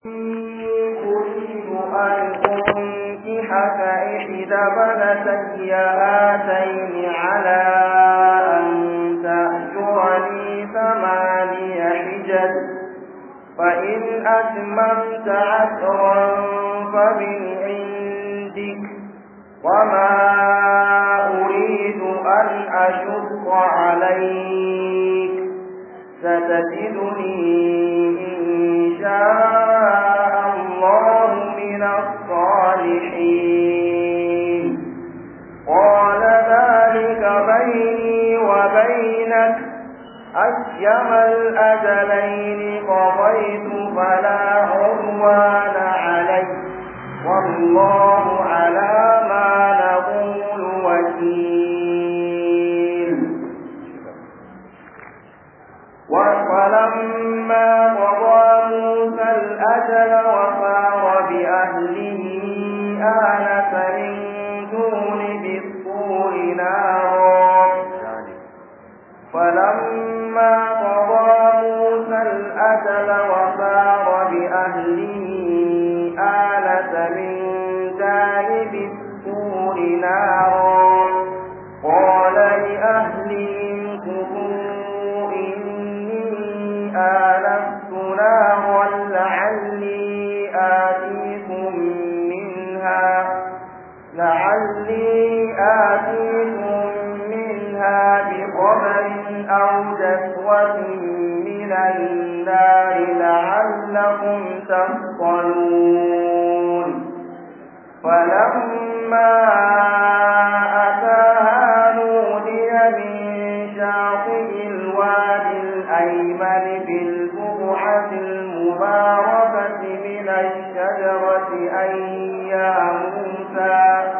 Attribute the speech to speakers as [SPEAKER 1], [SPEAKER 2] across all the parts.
[SPEAKER 1] إحدى بنتي آتين على أن تأجرني ثماني حجج فإن أتممت عشرا فمن عندك وما أريد أن أشق عليك ستجدني إن شاء الصالحين قال ذلك بيني وبينك أجم الأجلين قضيت فلا عدوان علي والله على ما نقول وكيل وفلما قضى موسى الأجل وصار بأهله آنف من دونه الطور نارا فلما قضى موسى الأجل وسار بأهله آنف من جانب الطور نارا آتيكم منها بخبر أو جسوة من النار لعلكم تصطلون فلما أتاها نودي من شاطئ الوادي الأيمن بالبرحة المباركة من الشجرة أن يا موسى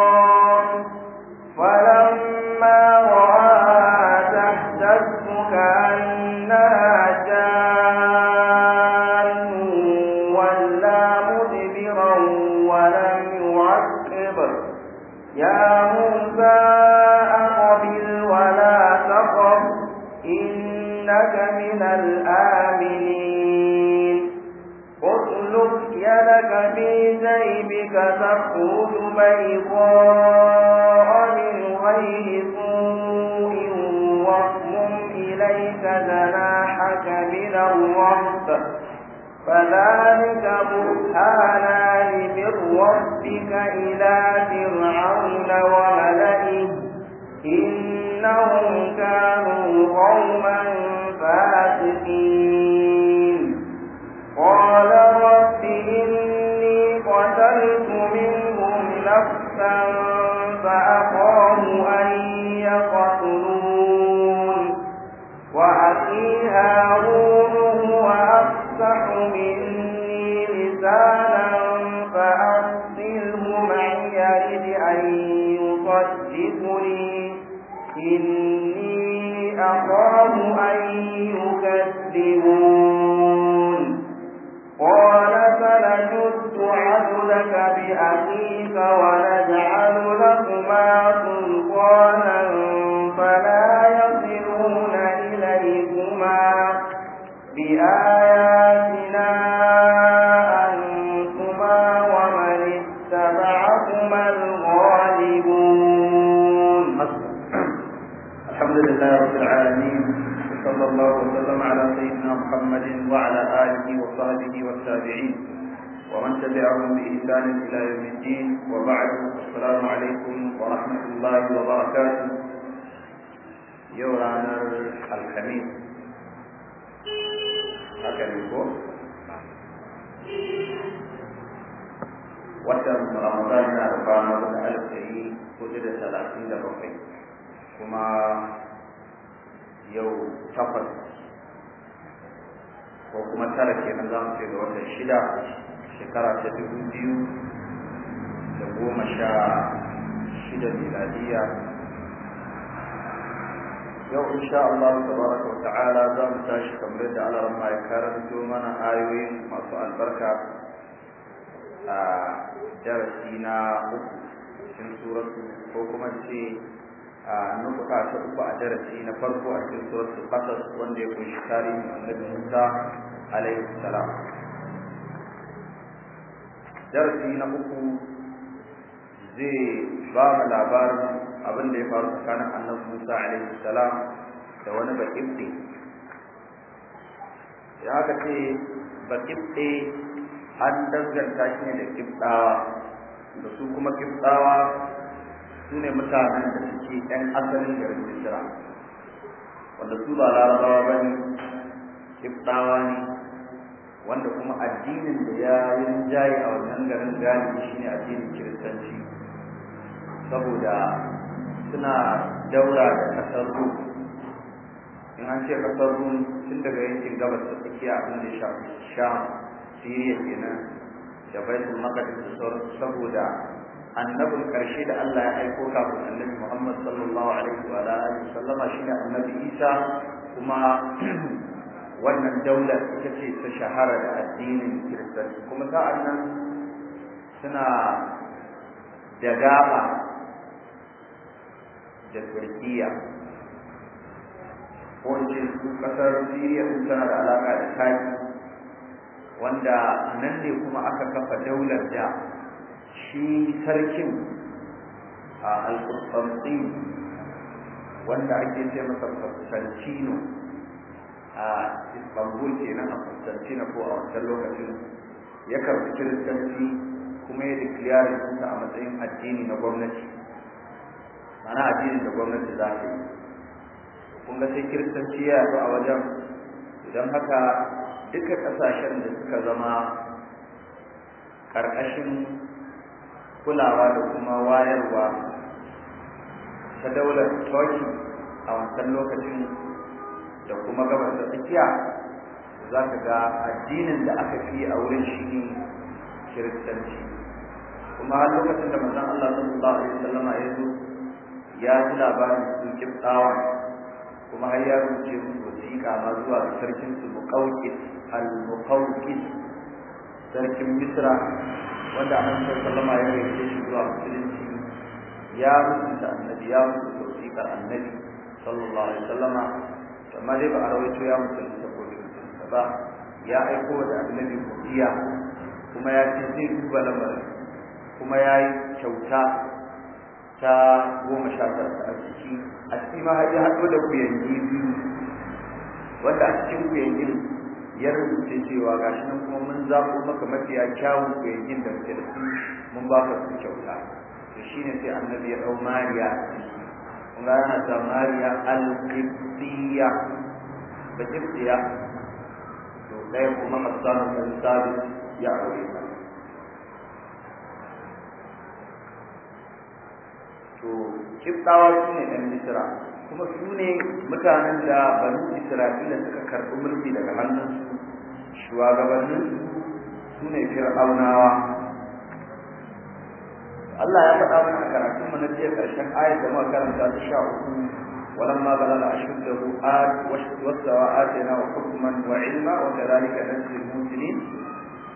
[SPEAKER 1] بيضاء من غير سوء واضم إليك جناحك من فذلك برهانان من ربك إلى فرعون وملئه إنهم كانوا قوما فاسقين أخيك ونجعل لكما سلطانا فلا يصلون إليكما بآياتنا أنتما ومن اتبعكما الغالبون
[SPEAKER 2] الحمد لله رب العالمين صلى الله وسلم على سيدنا محمد وعلى آله وصحبه والتابعين ومن تبعهم بإحسان إلى يوم الدين وبعد السلام عليكم ورحمة الله وبركاته يورانا الخميس هكذا يقول watan ramadan na da kwana wata alif ɗari hudu da talatin da bakwai kuma yau takwas ko kuma tara kenan za mu ce shida shekara ta dubu biyu da goma sha shida miladiya yau insha Allah tabaraka wa ta'ala za mu tashi kamar da Allah ramma ya karanto mana ayoyin masu albarka a darasi na uku cikin suratu ko kuma ce a nufuka ta uku a darasi na farko a cikin suratu qasas wanda ya kunshi tarihin annabi Musa alaihi salam darasi na uku zai ba mu labarin abin da ya faru tsakanin annabi Musa alaihi salam da wani bakibde ya ka ce bakibde an danganta shi ne da kibdawa da su kuma kibdawa su ne mutanen da suke ɗan asalin garin Misra wanda su ba larabawa ba ne kibdawa ne wanda kuma addinin da ya yi rinjaye a wannan garin shi ne addinin kiristanci saboda suna daura da kasar rum in an ce kasar rum tun daga yankin gabas da tsakiya abin da ya sha sham siriya kenan da baitul maqdis da sauransu saboda annabin karshe da Allah ya aiko kafin annabi Muhammad sallallahu alaihi wa alihi shi shine annabi Isa kuma wannan daula ita ce ta shahara da addinin kiristanci kuma sa'an nan suna da gaba da turkiya ko in ce su kasar siriya sun tana da alaka da taki wanda nan ne kuma aka kafa daular da shi sarkin a alƙurɓarsi wanda ake ce masa sarkino a istanbul nan a constantine ko a wancan lokacin ya karbi kiristanci kuma ya declare kusa a matsayin addini na gwamnati mana addinin da gwamnati za ta yi kun ga sai kiristanci ya yi a wajen don haka duka ƙasashen da suka zama ƙarƙashin kulawa da kuma wayarwa ta daular turkey a wancan lokacin da kuma gabas da tsakiya za ka ga addinin da aka fi a wurin shi ne kiristanci kuma har lokacin da manzon Allah sallallahu alaihi wasallam ya zo ya ji labarin su kiftawa. kuma har ya rubuce musu wasiƙa ma zuwa ga sarkin su muqawqis al-muqawqis sarkin Misra wanda annabi sallallahu alaihi wasallam ya yi shi zuwa musulunci ya rubuta annabi ya rubuta wasiƙar annabi sallallahu alaihi wasallam amma dai ba a rawaito ya musulunta ko bai musulunta ba ya aiko da annabi godiya kuma ya ce zai duba lamarin kuma ya yi kyauta ta goma sha tara a ciki a ciki ma ya haɗo da kuyangi biyu wanda a cikin kuyangin ya rubuce cewa gashi nan kuma mun zaɓo maka mafiya kyawun kuyangin da muke da su mun ba ka su kyauta to shine sai annabi ya ɗau mariya rana ta mariya alƙibdiya ba ƙibdiya to ɗaya kuma hassanu samun sabis ya aure ta to ƙibdawa su ne ɗan misira kuma su ne mutanen da banu isra'ila suka karɓi mulki daga hannunsu shugabanninsu su ne fir'aunawa الله ya faɗa mana karatun mu na jiya karshen ayat da muka karanta ولما بلغ أشده آت واستوى آتنا وحكما وعلما وكذلك نجزي المسلمين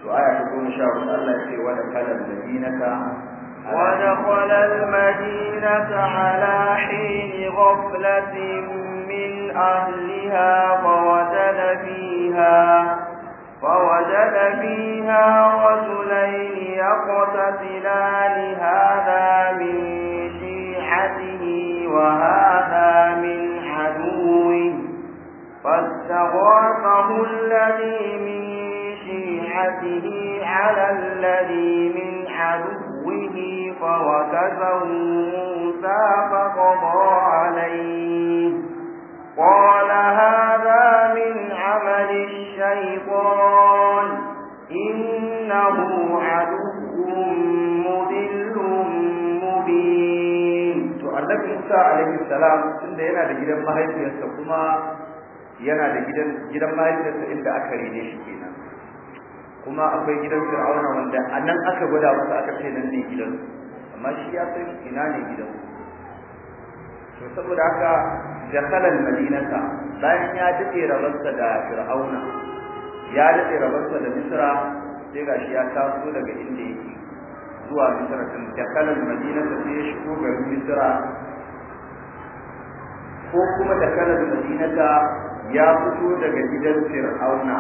[SPEAKER 2] وآية تكون شاء الله يقول ودخل المدينة ودخل
[SPEAKER 1] المدينة على حين غفلة من أهلها فوجد فيها فوجد فيها رجلين يقتتلان هذا من شيحته وهذا من عدوه فاستغاثه الذي من شيحته
[SPEAKER 2] gidan mahaifiyarsa kuma yana da gidan gidan mahaifiyarsa inda aka rene shi kenan kuma akwai gidan fir'auna wanda a nan aka gwada masa aka ce nan ne gidan amma shi ya san ina ne gidan to saboda haka dakalan madinata bayan ya dade rabarsa da fir'auna ya dade rabarsa da misra sai gashi ya taso daga inda yake zuwa misra tun dakalan madinata sai ya shigo garin misra ko kuma da kalar madinata ya fito daga gidan fir'auna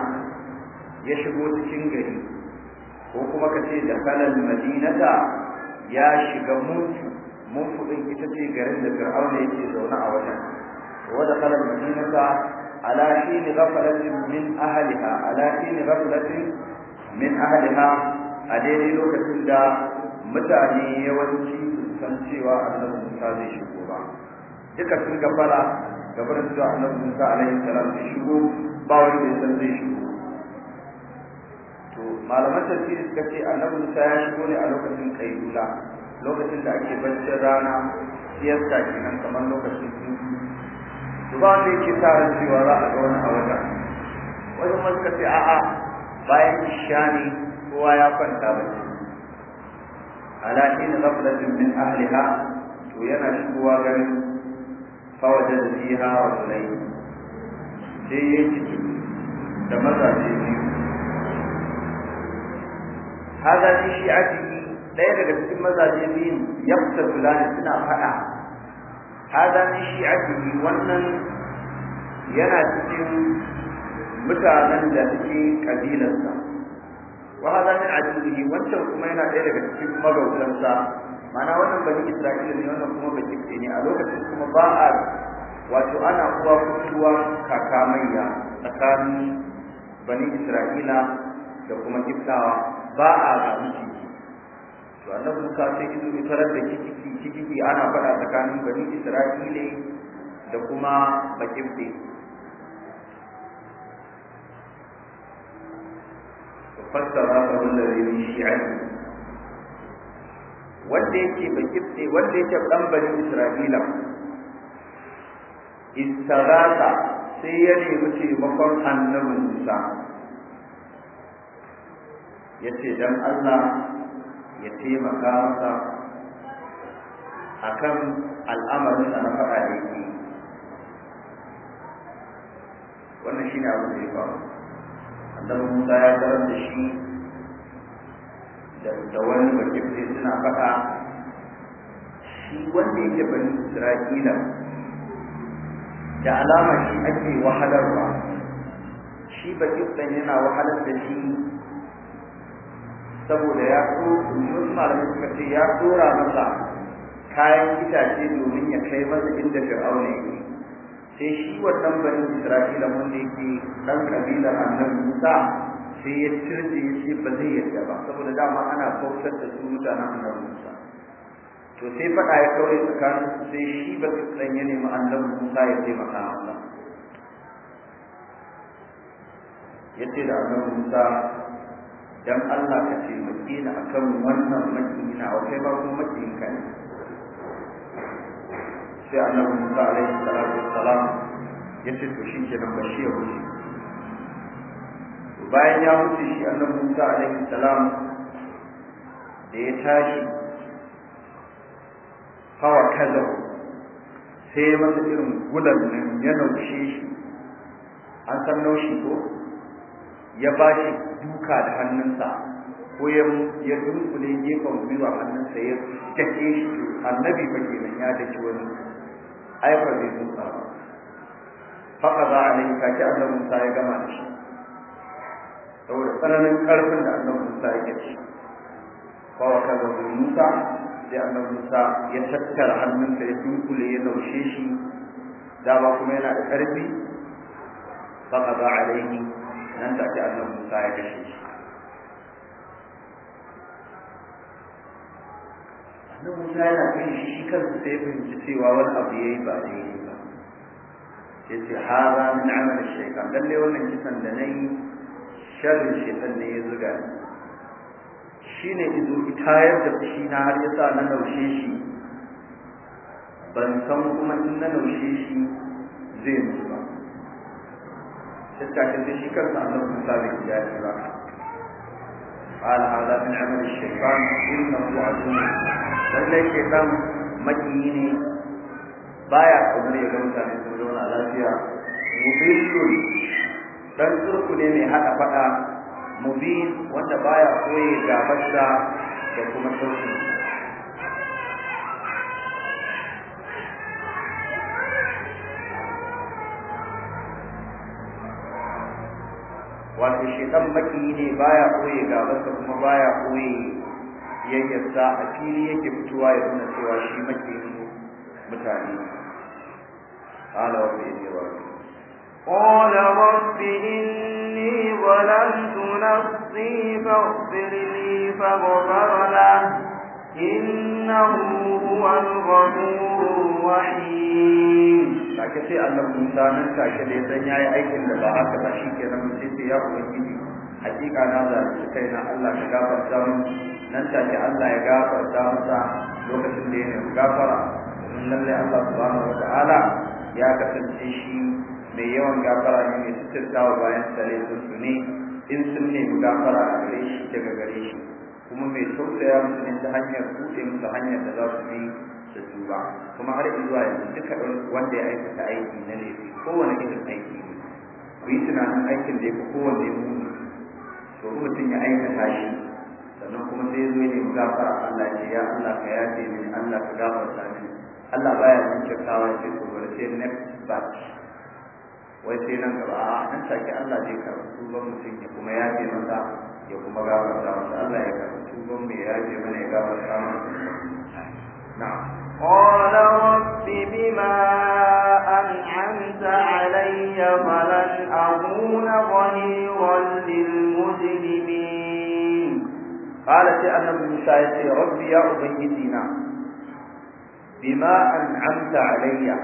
[SPEAKER 2] ya shigo cikin gari ko kuma ka ce da kalar madinata ya shiga mutu mutu din ita ce garin da fir'auna yake zaune a wajen wa da kalar madinata ala shine ghaflatin min ahliha ala shine ghaflatin min ahliha a daidai lokacin da mutane yawanci sun san cewa annabi Musa zai shigo ba duka sun gabara gabarin zuwa annabi Musa alaihi salam su shigo ba wani bai san zai shigo to malaman tafsiri suka ce annabi Musa ya shigo ne a lokacin kaidula lokacin da ake baccin rana siyasta kenan kamar lokacin hutu to ba wanda yake sa ran cewa za a ga wani a wajen wajen ma suka ce a'a bayan isha ne kowa ya kwanta bacci ala hina ghaflatin min ahliha to yana shigowa garin فوجد فيها رجلين sai ya ciki da mazaje biyu haza shi shi a ciki ɗaya daga cikin mazaje biyun ya fita fulani suna faɗa haza shi shi a ciki wannan yana cikin mutanen da suke ƙabilarsa wa haza min a ciki wancan kuma yana ɗaya daga cikin magautansa mana wannan bani isra'ila ne wannan kuma bani ne a lokacin kuma ba a wato ana kuwa kaka kakamayya tsakanin bani isra'ila da kuma kiftawa ba a gamuci to annabi Musa sai izo ne farar da kiki kiki ana faɗa tsakanin bani isra'ila da kuma bakifte fassara ba wanda zai yi wanda yake kifte wanda yake dan bani Isra'ila istaraka sai ya nemi taimakon annabi Musa ya ce dan Allah ya taimaka masa akan al'amarin da na faɗa da yake wannan shine abin da ya faru annabi Musa ya karanta da shi da wani bakifte suna faɗa shi wanda yake bani isra'ila da alama shi ake wahalarwa shi bakiften yana wahalar da shi saboda ya ko wasu malamin suka ce ya dora masa kayan itace domin ya kai masa inda fir'auna yake sai shi wannan bani isra'ila wanda yake dan kabilar annabi musa sai ya cirje ya ce ba zai yarda ba saboda dama ana bautar da su mutanen annabi Musa to sai faɗa ya kaure tsakanin su sai shi ba ɗan ya nemi annabi Musa ya taimaka masa ya ce da annabi Musa dan Allah ka taimake ni akan wannan makina wa kai ba kuma makin ka ne sai annabi Musa alaihi salatu wassalam ya ce to shi nan ba shi ya wuce bayan ya mutu shi annabi Musa alaihi salam da ya tashi hawa kaza sai masa irin gudan nan ya naushe shi an san naushi ko ya bashi duka da hannunsa ko ya dunkule gefen gwiwa hannunsa ya take shi annabi ba ke nan ya dace wani ai zai tsotsa ba faka za a nan kake annabi Musa ya gama da shi saboda tsananin karfin da annabi Musa yake shi, fa wa kaza Musa sai annabi Musa ya tattara hannunsa ya dunkule ya laushe shi dama kuma yana da karfi ka qada alaihi nan ke annabi Musa ya kashe shi annabi Musa yana kai shi shi kansa sai fahimci cewa wani abu ya yi ba daidai ba sai yace hada min amal shaytan lalle wannan kisan da na yi. sharrin shaitan da ya zuga Shi ne ido tayar da fushi na har sa na naushe shi ban san kuma in na naushe shi zai mutu ba shakka da shi kansa kusa da gida kiyaye ba قال هذا من عمل الشيطان إنه عدو لله الشيطان مجيني بايع قبل يقول مutane su zauna lafiya mubillun dan turku ne mai hada fada mubin wanda baya koye gabarsa da kuma sauki wato shekan maki ne baya koye gabarsa kuma baya koye sa a fili yake fitowa ya nuna cewa shi maki mutane قال وفي إذ
[SPEAKER 1] قال رب إني ظلمت نفسي فاغفر لي فغفر له إنه هو الغفور الرحيم
[SPEAKER 2] take sai Allah Musa nan take da san yayi aikin da ba haka ba shi kenan sai sai ya ubangiji hakika na zalunci kaina Allah ka gafarta min nan ta ke Allah ya gafarta sa lokacin da ya nemi gafara lalle Allah subhanahu wataala ya kasance shi mai yawan gafara ne mai tattattawa bayan sale sun su ne in sun mu gafara a gare shi daga gare shi kuma mai tausaya musu ne ta hanyar buɗe musu hanyar da za su bi da tuba kuma har zuwa yanzu duka wanda ya aikata aiki na laifi kowane irin aiki ne ku yi tunanin aikin da ya fi kowanne muni to mutum ya aikata shi sannan kuma sai ya zo ne mu gafara Allah ce ya Allah ka yafe ni Allah ka gafarta mini Allah baya son kyakkyawa ce to bari sai next batch wai sai nan gaba a nan take Allah zai karɓi ban mutum ya kuma ya ce masa ya kuma gabata. da Allah ya karɓi ban mai ya ce mana ya gabar da masa na
[SPEAKER 1] qala rabbi bima an'amta alayya abu na aquna ghayran musulmi. mujrimin qala sai annabi Musa
[SPEAKER 2] ya ce rabbi ya ubangijina bima hanta alayya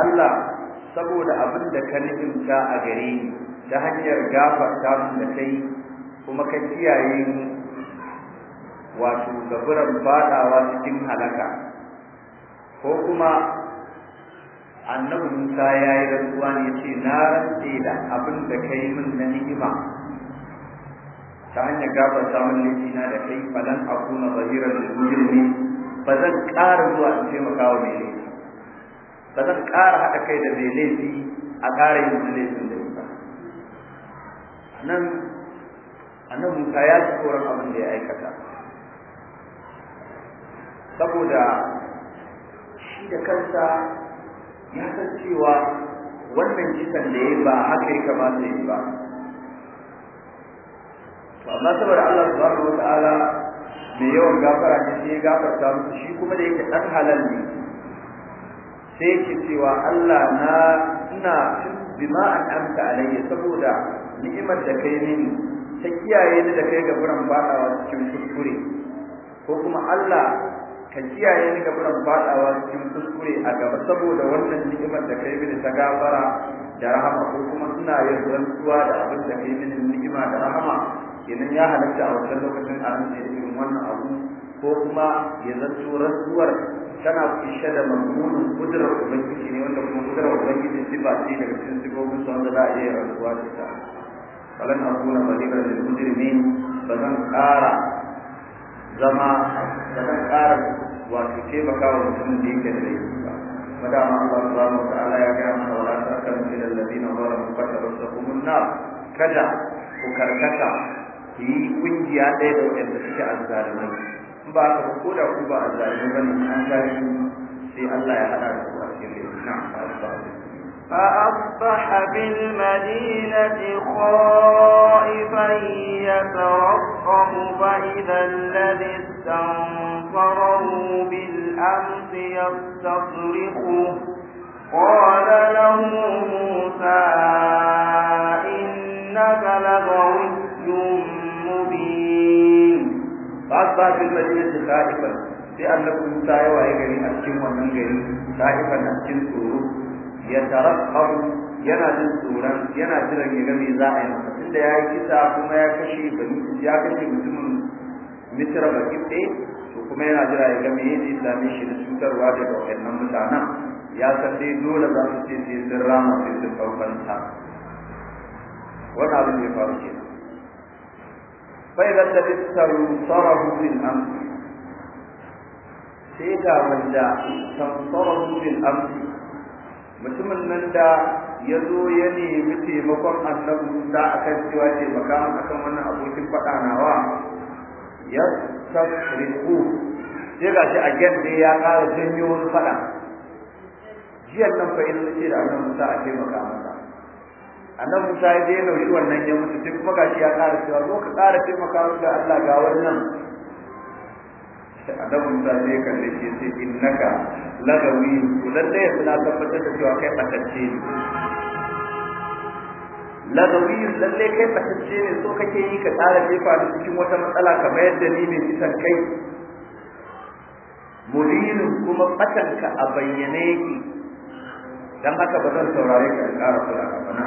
[SPEAKER 2] Allah saboda abin da ka nufinta a gare ni ta hanyar gafarta mu da kai kuma ka kiyaye mu wato gaburan fadawa cikin halaka ko kuma annabi Musa ya yi rantsuwa ne ce na rantse da abin da ka yi min na ni'ima ta hanyar gafarta min laifina da kai falan akuna zahiran da ne ba zan ƙara zuwa in taimaka wa mai laifi ba zan ƙara haɗa kai da mai laifi a ƙara yin laifin da ba nan annan musa ya ci tsoron abin da ya aikata saboda shi da kansa ya san cewa wannan kisan da ya ba haka ya kamata ya ba amma saboda Allah subhanahu wa ta'ala mai yawan gafara ne sai ya gafarta musu shi kuma da yake dan halal ne sai ki cewa Allah na ina bima an amta alayya saboda ni'imar da kai mini ta kiyaye ni da kai ga buran badawa cikin kuskure ko kuma Allah ka kiyaye ni ga buran badawa cikin kuskure a gaba saboda wannan ni'imar da kai mini ta gafara da rahama ko kuma ina yin rantsuwa da abin da kai mini ni'ima da rahama idan ya halatta a wannan lokacin a nan irin wannan abu ko kuma ya zanto rantsuwar tana kunshe da mamnunin kudurar ubangiji ne wanda kuma kudurar ubangiji sifa ce daga cikin sifofin su wanda za a iya rantsuwa da ita falan akuna balibar da mujrimin ba zan ƙara zama ba zan ƙara wato taimaka wa mutumin da yake da laifi ba madama Allah subhanahu wa ta'ala ya gaya mana wala ta'tamu ila alladhina zalamu fatabassahumun nar kada ku karkata ki kungiya ɗaya da wanda suke azzalimai
[SPEAKER 1] فأصبح بالمدينة خائفا يترقب فإذا الذي استنصره بالأمس يستصرخه قال له موسى إنك لغوي Ba
[SPEAKER 2] sai فأصبح ya المدينة gari لأن موسى وهيجري أشم ومن غيري خائفا أشم سرور يترقب yana jin tsoron yana jiran ya ga me za a yi masa tunda ya yi kisa kuma ya kashe bani ya kashe mutumin mitra bakibde to kuma yana jira ya ga yadda yake same shi da cutarwa daga waɗannan mutanen ya san dai dole za su ce sai sun rama sai sun ɗaukanta wani abin ya faru kenan فإذا لبثت ينصره في الأمر sai ga wanda tamsarahu bil amri mutumin nan da ya zo ya nemi taimakon annabi Musa akan cewa taimaka maka wannan abokin faɗa nawa ya tasriku sai ga shi again dai ya ƙara janyo wani faɗa jiyan nan fa in ce da annabi Musa a taimaka maka annan Musa ya daina ya wannan ya mutu sai kuma gashi ya ƙara cewa zo ka ƙara taimaka mu da Allah ga wannan annan Musa sai ya kalle shi sai innaka lagawi lalle ya na tabbatar da cewa kai fatacce ne lagawi lalle kai fatacce ne so kake yi ka ƙara jefa da cikin wata matsala kamar yadda ni mai kisan kai mudinin kuma batanka a bayyane yake dan haka ba zan saurare ka ƙara kula ka bana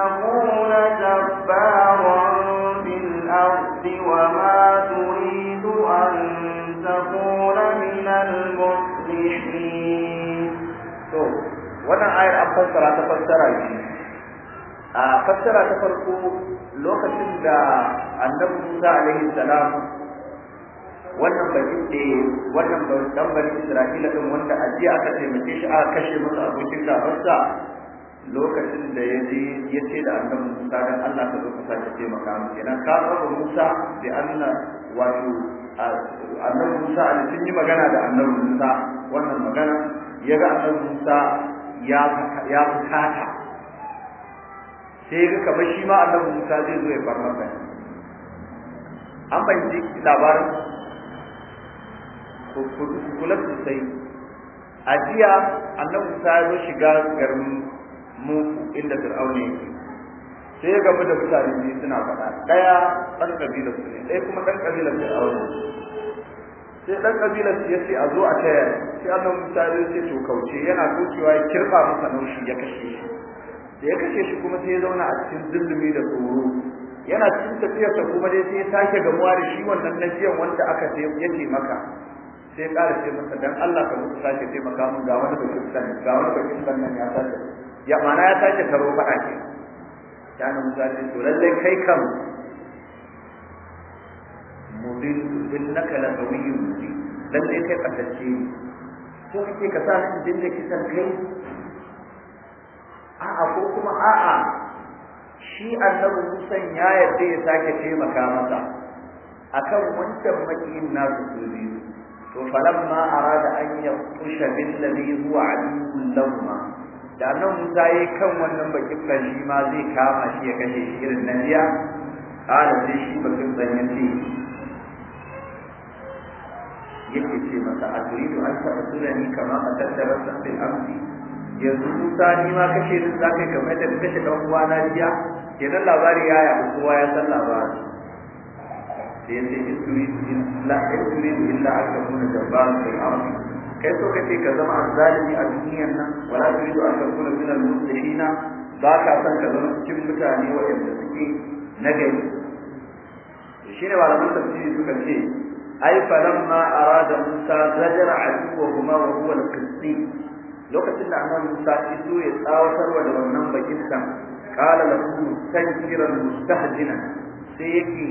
[SPEAKER 1] يكون جبارا في الأرض وما تريد أن wannan an fassara ta fassara a
[SPEAKER 2] fassara ta farko lokacin da annabi Musa alaihi salam wannan bakin da eh, wannan dan bani Isra'ila wanda ajiya aka taimake shi aka kashe masa abokin gabarsa lokacin da ya je ya ce da annabi Musa dan Allah ka zo ka sake taimaka mu kenan ka saba Musa da Allah wato annabi Musa ne sun yi magana da annabi Musa wannan magana ya ga annabi Musa ya ya bukata sai ga kamar shi ma annabi Musa zai zo ya fara masa an bayyana labarin kula sosai a jiya annabi Musa ya zo shiga garin muku inda fir'auni yake sai ga da mutane biyu suna faɗa ɗaya ɗan ƙabilar su ne ɗaya kuma ɗan ƙabilar fir'auni
[SPEAKER 3] sai ɗan ƙabilar su ya ce a zo a taya
[SPEAKER 2] sai annan mutane ya ce to kauce yana kaucewa ya kirɓa masa naushi ya kashe shi da ya kashe shi kuma sai ya zauna a cikin zulumi da tsoro yana cikin tafiyarsa kuma dai sai ya sake gamuwa da shi wannan nasiyan wanda aka yake maka sai ya ƙara ce masa dan Allah ka mutu sake taimaka mun ga wani bakin ga wani bakin ya sake ya mana ya sake karo fada ke ya na musa ce to lalle kai kan mudin innaka la qawiyyun mudin lalle kai fatacce ne ko kike ka sa ni da kisan kai a'a ko kuma a'a shi annabi musan ya yarda ya sake taimaka masa akan wancan makiyin nasu su biyu to falamma arada an yaqusha bil ladhi huwa aduwwun lahum da nan Musa yayi kan wannan bakin shi ma zai kama shi ya kashe shi irin nan ya kala sai shi bakin tsanyen ce yake ce masa a turidu an taɓa tura ni kama a tattara sabbin amsi yanzu Musa ni ma kashe ni za ka kamar da kashe ɗan uwa na jiya kenan labari ya yaɗu kowa ya san labari sai ya ce in turidu illa aka taɓa tura sai fil amsi kai so kace ka zama azzalimi a duniyar nan wala turidu an takuna min al-muslimina ba ka san ka zama cikin mutane waɗanda suke nagari shine malaman tafsiri suka ce ai falamma arada musa zajara aduwahuma wa huwa al-qibti lokacin da annabi musa iso ya tsawatarwa da wannan bakin kan qala lahu tankiran mustahdina sai yake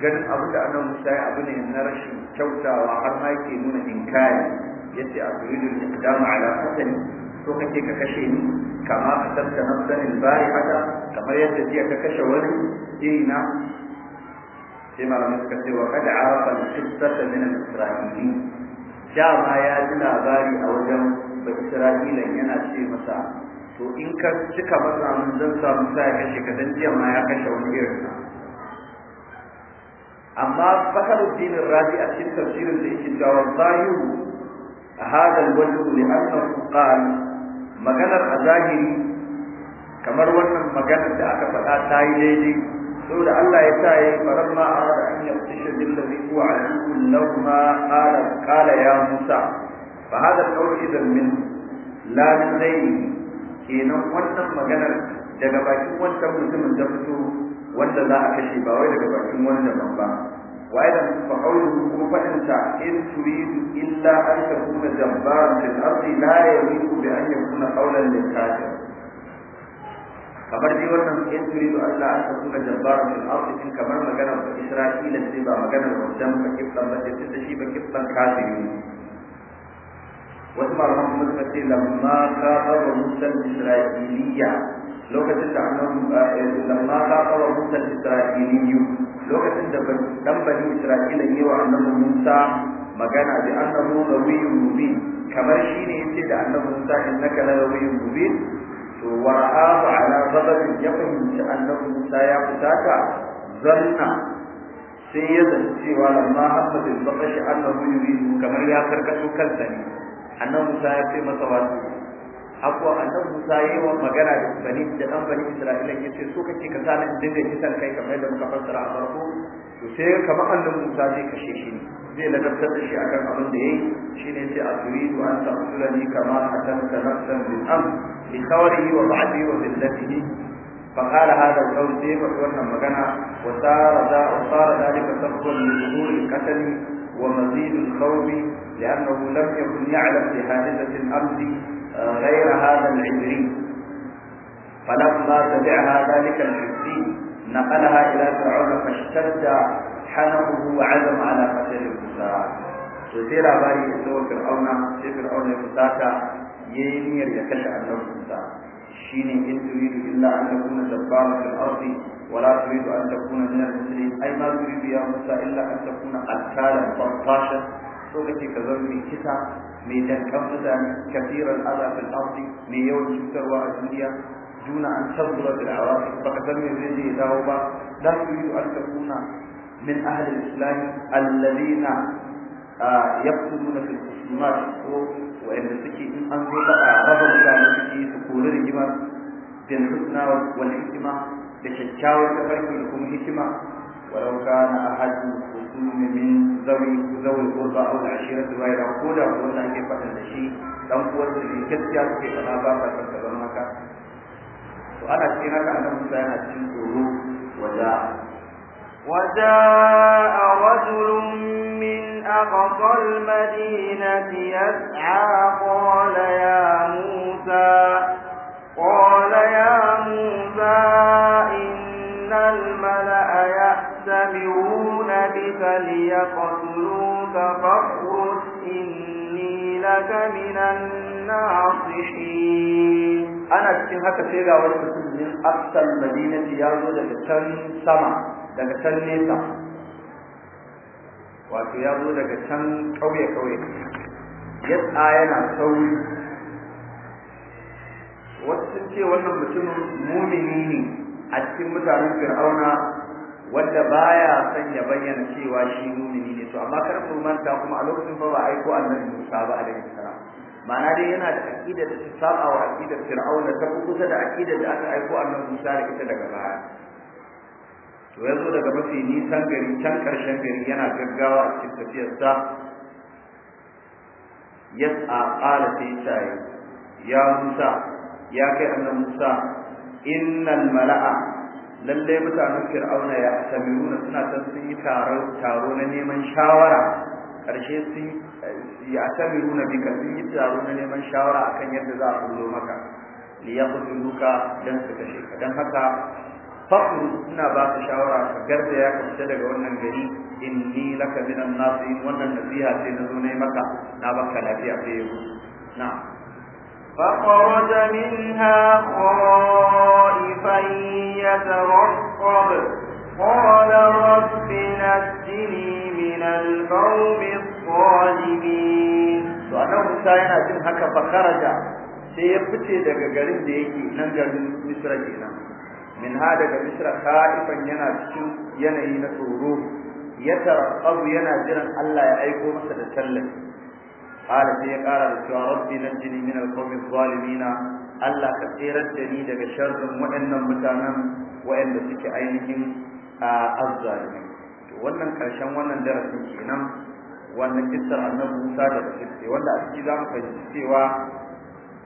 [SPEAKER 2] ganin abin da annabi musa ya abu ne na rashin kyautawa har ma yake nuna inkari yace a turidu al-iqdam ala qatli so kake ka kashe ni kama kasabta nafsan al-barihata kamar yadda jiya ka kashe wani irina eh sai malamin suka ce wa kada arafa al-qissata min al-isra'ili dama ya ji labari a wajen ba isra'ilan yana ce masa to in ka cika masa mun zan samu sa ya kashe ka dan jiya ma ya kashe wani irin amma bakaruddin rabi a cikin tafsirin da yake cewa zahiru A هذا الوجه لأنه maganar a zahiri kamar wannan maganar da aka faɗa ta yi daidai saboda Allah ya sa yi farar ma a da an yi tushe billazi ko a cikin lauma musa fa hada kawai idan min la kenan wannan maganar daga bakin wancan mutumin da fito wanda za a kashe ba wai daga bakin wanda ban ba وأيضا فقوله فأنت إن تريد إلا أن تكون جبارا في الأرض لا يملك بأن يكون قولا للكافر kamar dai wannan in turidu Allah an ka kuma jabbaran fil ardi in kamar magana ba Isra'ila sai ba magana ba dan ba kibban ba sai da shi ba kibban kafiri wasu malaman kuma suka ce lamma ka ba musan Isra'iliya lokacin da annabi eh, lamma ka kawo Musa Isra'iliyu lokacin da dan bani Isra'ila ne wa annabi Musa magana bi annahu rawiyyun mubin kamar shi shine yace da annabi Musa innaka la rawiyyun mubin to wa afa ala ghadabin ya fahimci annabi Musa ya fusata zanna sai ya zanci cewa lamma hasabil baqashi annahu yuridu kamar ya karkato kansa ne annabi Musa ya ce masa wato abuwa annabi Musa yayi wa magana da bani da dan bani Isra'ila yace so kake ka sa ni dinga kisan kai kamar da muka fassara a farko to sai kamar annabi Musa zai kashe shi zai ladabtar da shi akan abin da yayi shine sai aturidu an taqtulani kama qatalta nafsan bil am bi khawrihi wa ba'di wa billatihi فقال هذا القول سيف وتولى مغنى وصار وصار ذلك سبب لظهور القتل ومزيد الخوف لانه لم يكن يعلم بحادثه الامر غير هذا العبري فلما تبعها ذلك الحبي نقلها إلى فرعون فاشتد حنقه وعزم على قتل الكسرى وزير باري يسوى فرعون في فرعون يفتاتا ينير يكشع النور الكسرى شين إن تريد إلا أن تكون جبارا في الأرض ولا تريد أن تكون من المسلمين أي ما تريد يا موسى إلا أن تكون قتالا فرطاشا سوقتي كذنب كسا mai dankan mutane kasiran azafin arzi mai yawan cutarwa a duniya duna an tabbura da arafi ba ka san mai zai ya dawo ba ku yi an takuna min ahlil islam alladhina yaqtuluna fil muslimat ko wa'anda suke in an zo da raba mutane suke su kula kore rigima bin husna wal hikma da kyakkyawar tafarki da kuma hikima walau kana ahadu من ذوي ذوي القربى أو العشيرة الوالدة وكولا وكولا كيف أن شيء لم قوة للكتيا كيف أن أبا فتكبر مكة وأنا سيناك أن موسى ينسين قلوب وجاء
[SPEAKER 1] وجاء رجل من أقصى المدينة يسعى قال يا موسى قال يا موسى إن الملأ يأتي يستمعون بك ليقتلوك فاخرج إني لك من الناصحين أنا cikin haka sai ga wani mutum min asal madinati
[SPEAKER 2] ya zo daga can sama daga can nesa wato ya zo daga can ƙauye ƙauye yasa yana sauri wasu sun ce wannan mutumin mumini ne a cikin mutanen fir'auna wanda baya son ya bayyana cewa shi mumini ne to amma kar ku manta kuma a lokacin fa ba aiko annabi Musa ba alaihi salam ma'ana dai yana da aqida da wa aqidar Fir'auna ta kusa da aqidar da aka aiko annabi Musa da ita daga baya to yanzu daga mafi nisan gari can karshen gari yana gaggawa a cikin tafiyarsa yas'a qala sai ya Musa ya kai annabi Musa innal mala'a lalle mutanen fir'auna ya tamiruna suna san sun yi taro taro na neman shawara karshe sun eh, ya tamiruna bika sun yi taro na neman shawara akan yadda za a kullo maka li yaqtuluka dan su kashe ka dan haka fakru ina ba ka shawara ka garzaya ka fita daga wannan gari inni laka minan nasi wannan nasiha sai na zo na yi maka na baka lafiya sai yau na'am
[SPEAKER 1] فخرج منها خائفا يترقب قال رب نجني من القوم الظالمين وأنا موسى yana jin haka da
[SPEAKER 2] sai ya fice daga garin da yake nan garin Misra kenan min daga Misra khaifan yana cikin yanayi na tsoro ya tarabu yana jiran Allah ya aiko masa da tallafi qala sai ya kara da cewa rabbi najini min alqawmi zalimin Allah ka tsirar da ni daga sharrin waɗannan mutanen waɗanda suke ainihin azzalimi to wannan karshen wannan darasin kenan wannan kissar annabi Musa da Khidir wanda a ciki za mu fahimci cewa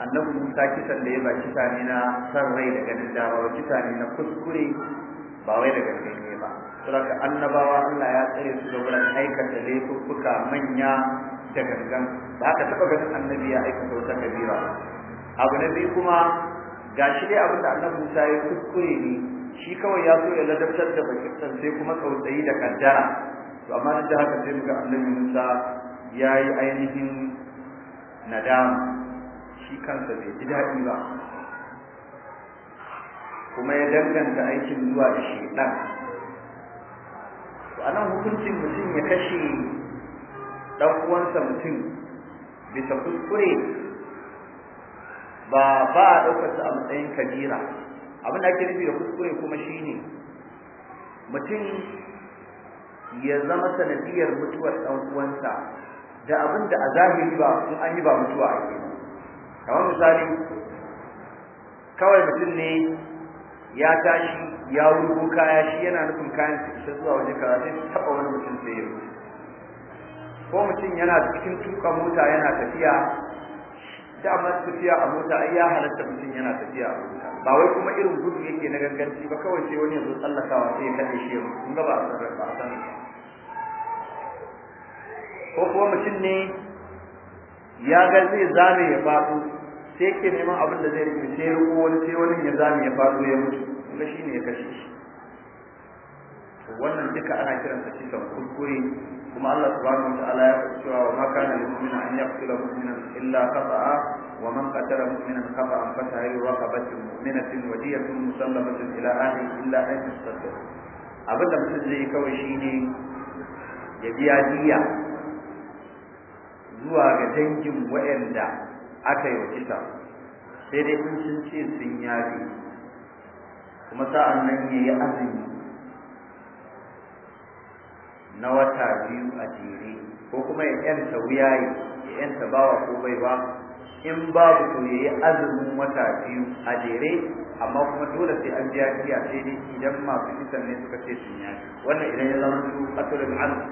[SPEAKER 2] annabi Musa kisan da ya ba ne na san rai da ganin dama kisa ne na kuskure ba wai da ganin ne ba saboda annabawa Allah ya tsare su da wurin aikata laifuffuka manya da gangan ba ka taɓa ganin annabi ya aikata wata kabira abu na biyu kuma gashi dai abin da annabi Musa ya kuskure ne shi kawai ya so ya ladabtar da bakin sai kuma tsautsayi da kaddara to amma da haka sai muga annabi Musa ya yi ainihin nadam shi kansa bai ji daɗi ba kuma ya danganta aikin zuwa da shi to anan hukuncin mutum ya kashe dan uwansa mutum bisa kuskure ba ba a ɗaukarsa a matsayin kabira abin da ake nufi da kuskure kuma shine mutum ya zama sanadiyar mutuwar dan uwansa da abin da a zahiri ba in an yi ba mutuwa ake kamar misali kawai mutum ne ya tashi ya wurgo kaya shi yana nufin kayan su isa zuwa waje karatu, sai taba wani mutum sai ya ko mutum yana cikin tuka mota yana tafiya da amma tafiya a mota ai ya halatta mutum yana tafiya a mota ba wai kuma irin gudu yake na ganganci ba kawai sai wani yanzu tsallakawa sai ya kaɗe shi ya kun ga ba a ba a san ko kuma mutum ne ya ga zai zame ya faɗo sai ke neman abin da zai rike sai ya wani sai wani ya zame ya faɗo ya mutu kuma shi ne ya kashe shi wannan duka ana kiransa cikin kurkure kuma Allah subhanahu wataala ya faɗi cewa wa maka kana lil mu'mina an yaqtula mu'minan illa khata'a wa man qatala mu'minan khata'an fa tahriru raqabatin mu'minatin wa diyatun musallamatin ila ahlihi illa an yastaqim abin da mutum zai kawai shine ya biya diya zuwa ga dangin waɗanda aka yi kisa sai dai in sun ce sun yafi kuma sa'an nan ya yi azumi na wata biyu a jere ko kuma ya yanta yi ya yanta bawa ko bai ba in babu to ya yi azumin wata biyu a jere amma kuma dole sai an biya kiya sai dai idan masu kisan ne suka ce sun yi wannan idan ya zama su asalin an ce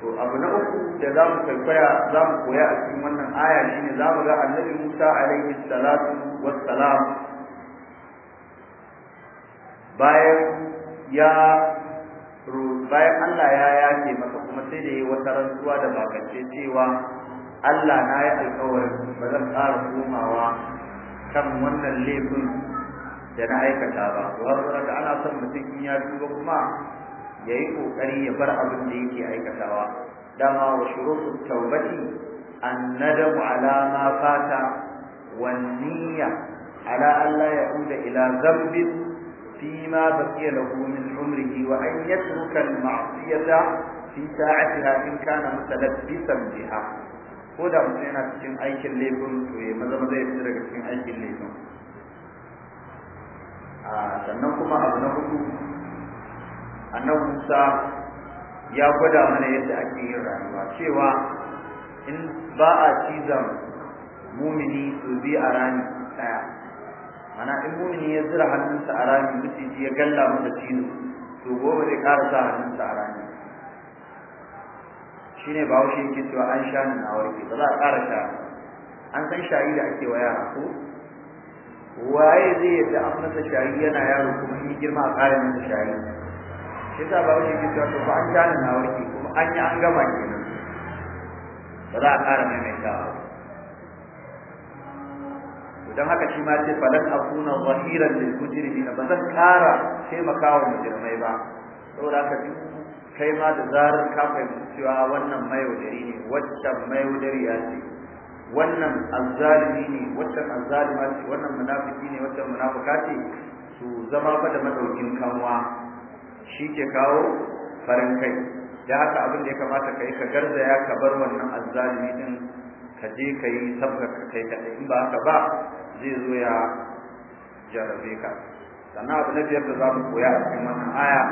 [SPEAKER 2] to abu na uku da za mu kwaikwaya za mu koya a cikin wannan aya shine za mu ga annabi musa alaihi salatu wassalam bayan ya bayan Allah ya yake maka kuma sai da yi wata rantsuwa da bakance cewa Allah na yi alƙawarin ba zan ƙara komawa kan wannan laifin da na aikata ba wanda da ana son mutum in ya duba kuma ya yi ƙoƙari ya bar abin da yake aikatawa dama wa shurutu taubati an nadamu ala ma fata wan niyya ala Allah ya ya'uda ila zambin فيما بقي له من عمره وأن يترك المعصية في ساعتها إن كان متلبسا بها ko da mutum yana cikin aikin laifin to ya maza maza ya fita daga cikin aikin laifin sannan kuma abu na hudu annabi Musa ya gwada mana yadda ake yin rayuwa cewa in ba a cizon mumini su bi a rani ɗaya mana in ne ya zira hannunsa a rami mutunci ya galla masa cizo to gobe zai ƙara sa hannunsa a rami shi ne ba haushe yake cewa an sha ni na warke ba za a ƙara sha an san shayi da ake wa yara ko waye zai yadda an masa shayi yana yaro kuma in girma a ƙara masa shayi shi ta ba haushe yake cewa to ba an sha ni na warke kuma an yi an gama kenan ba za a kara maimaitawa don haka shi ma ce falan akuna zahiran lil mujrimin ba zan kara taimakawa mujrimai ba saboda haka duk kai ma da zarar ka fahimci cewa wannan mayaudari ne waccan ya ce wannan azzalimi ne waccan azzalima ce wannan munafiki ne waccan munafika ce su zama fa da madaukin kanwa shi ke kawo farin kai da haka abin da ya kamata kai ka garzaya ka bar wannan azzalimi din ka je ka yi sabgar ka kai kaɗai in ba haka ba zai zo ya jarabe ka sannan abu na biyar da za mu koya a cikin wannan aya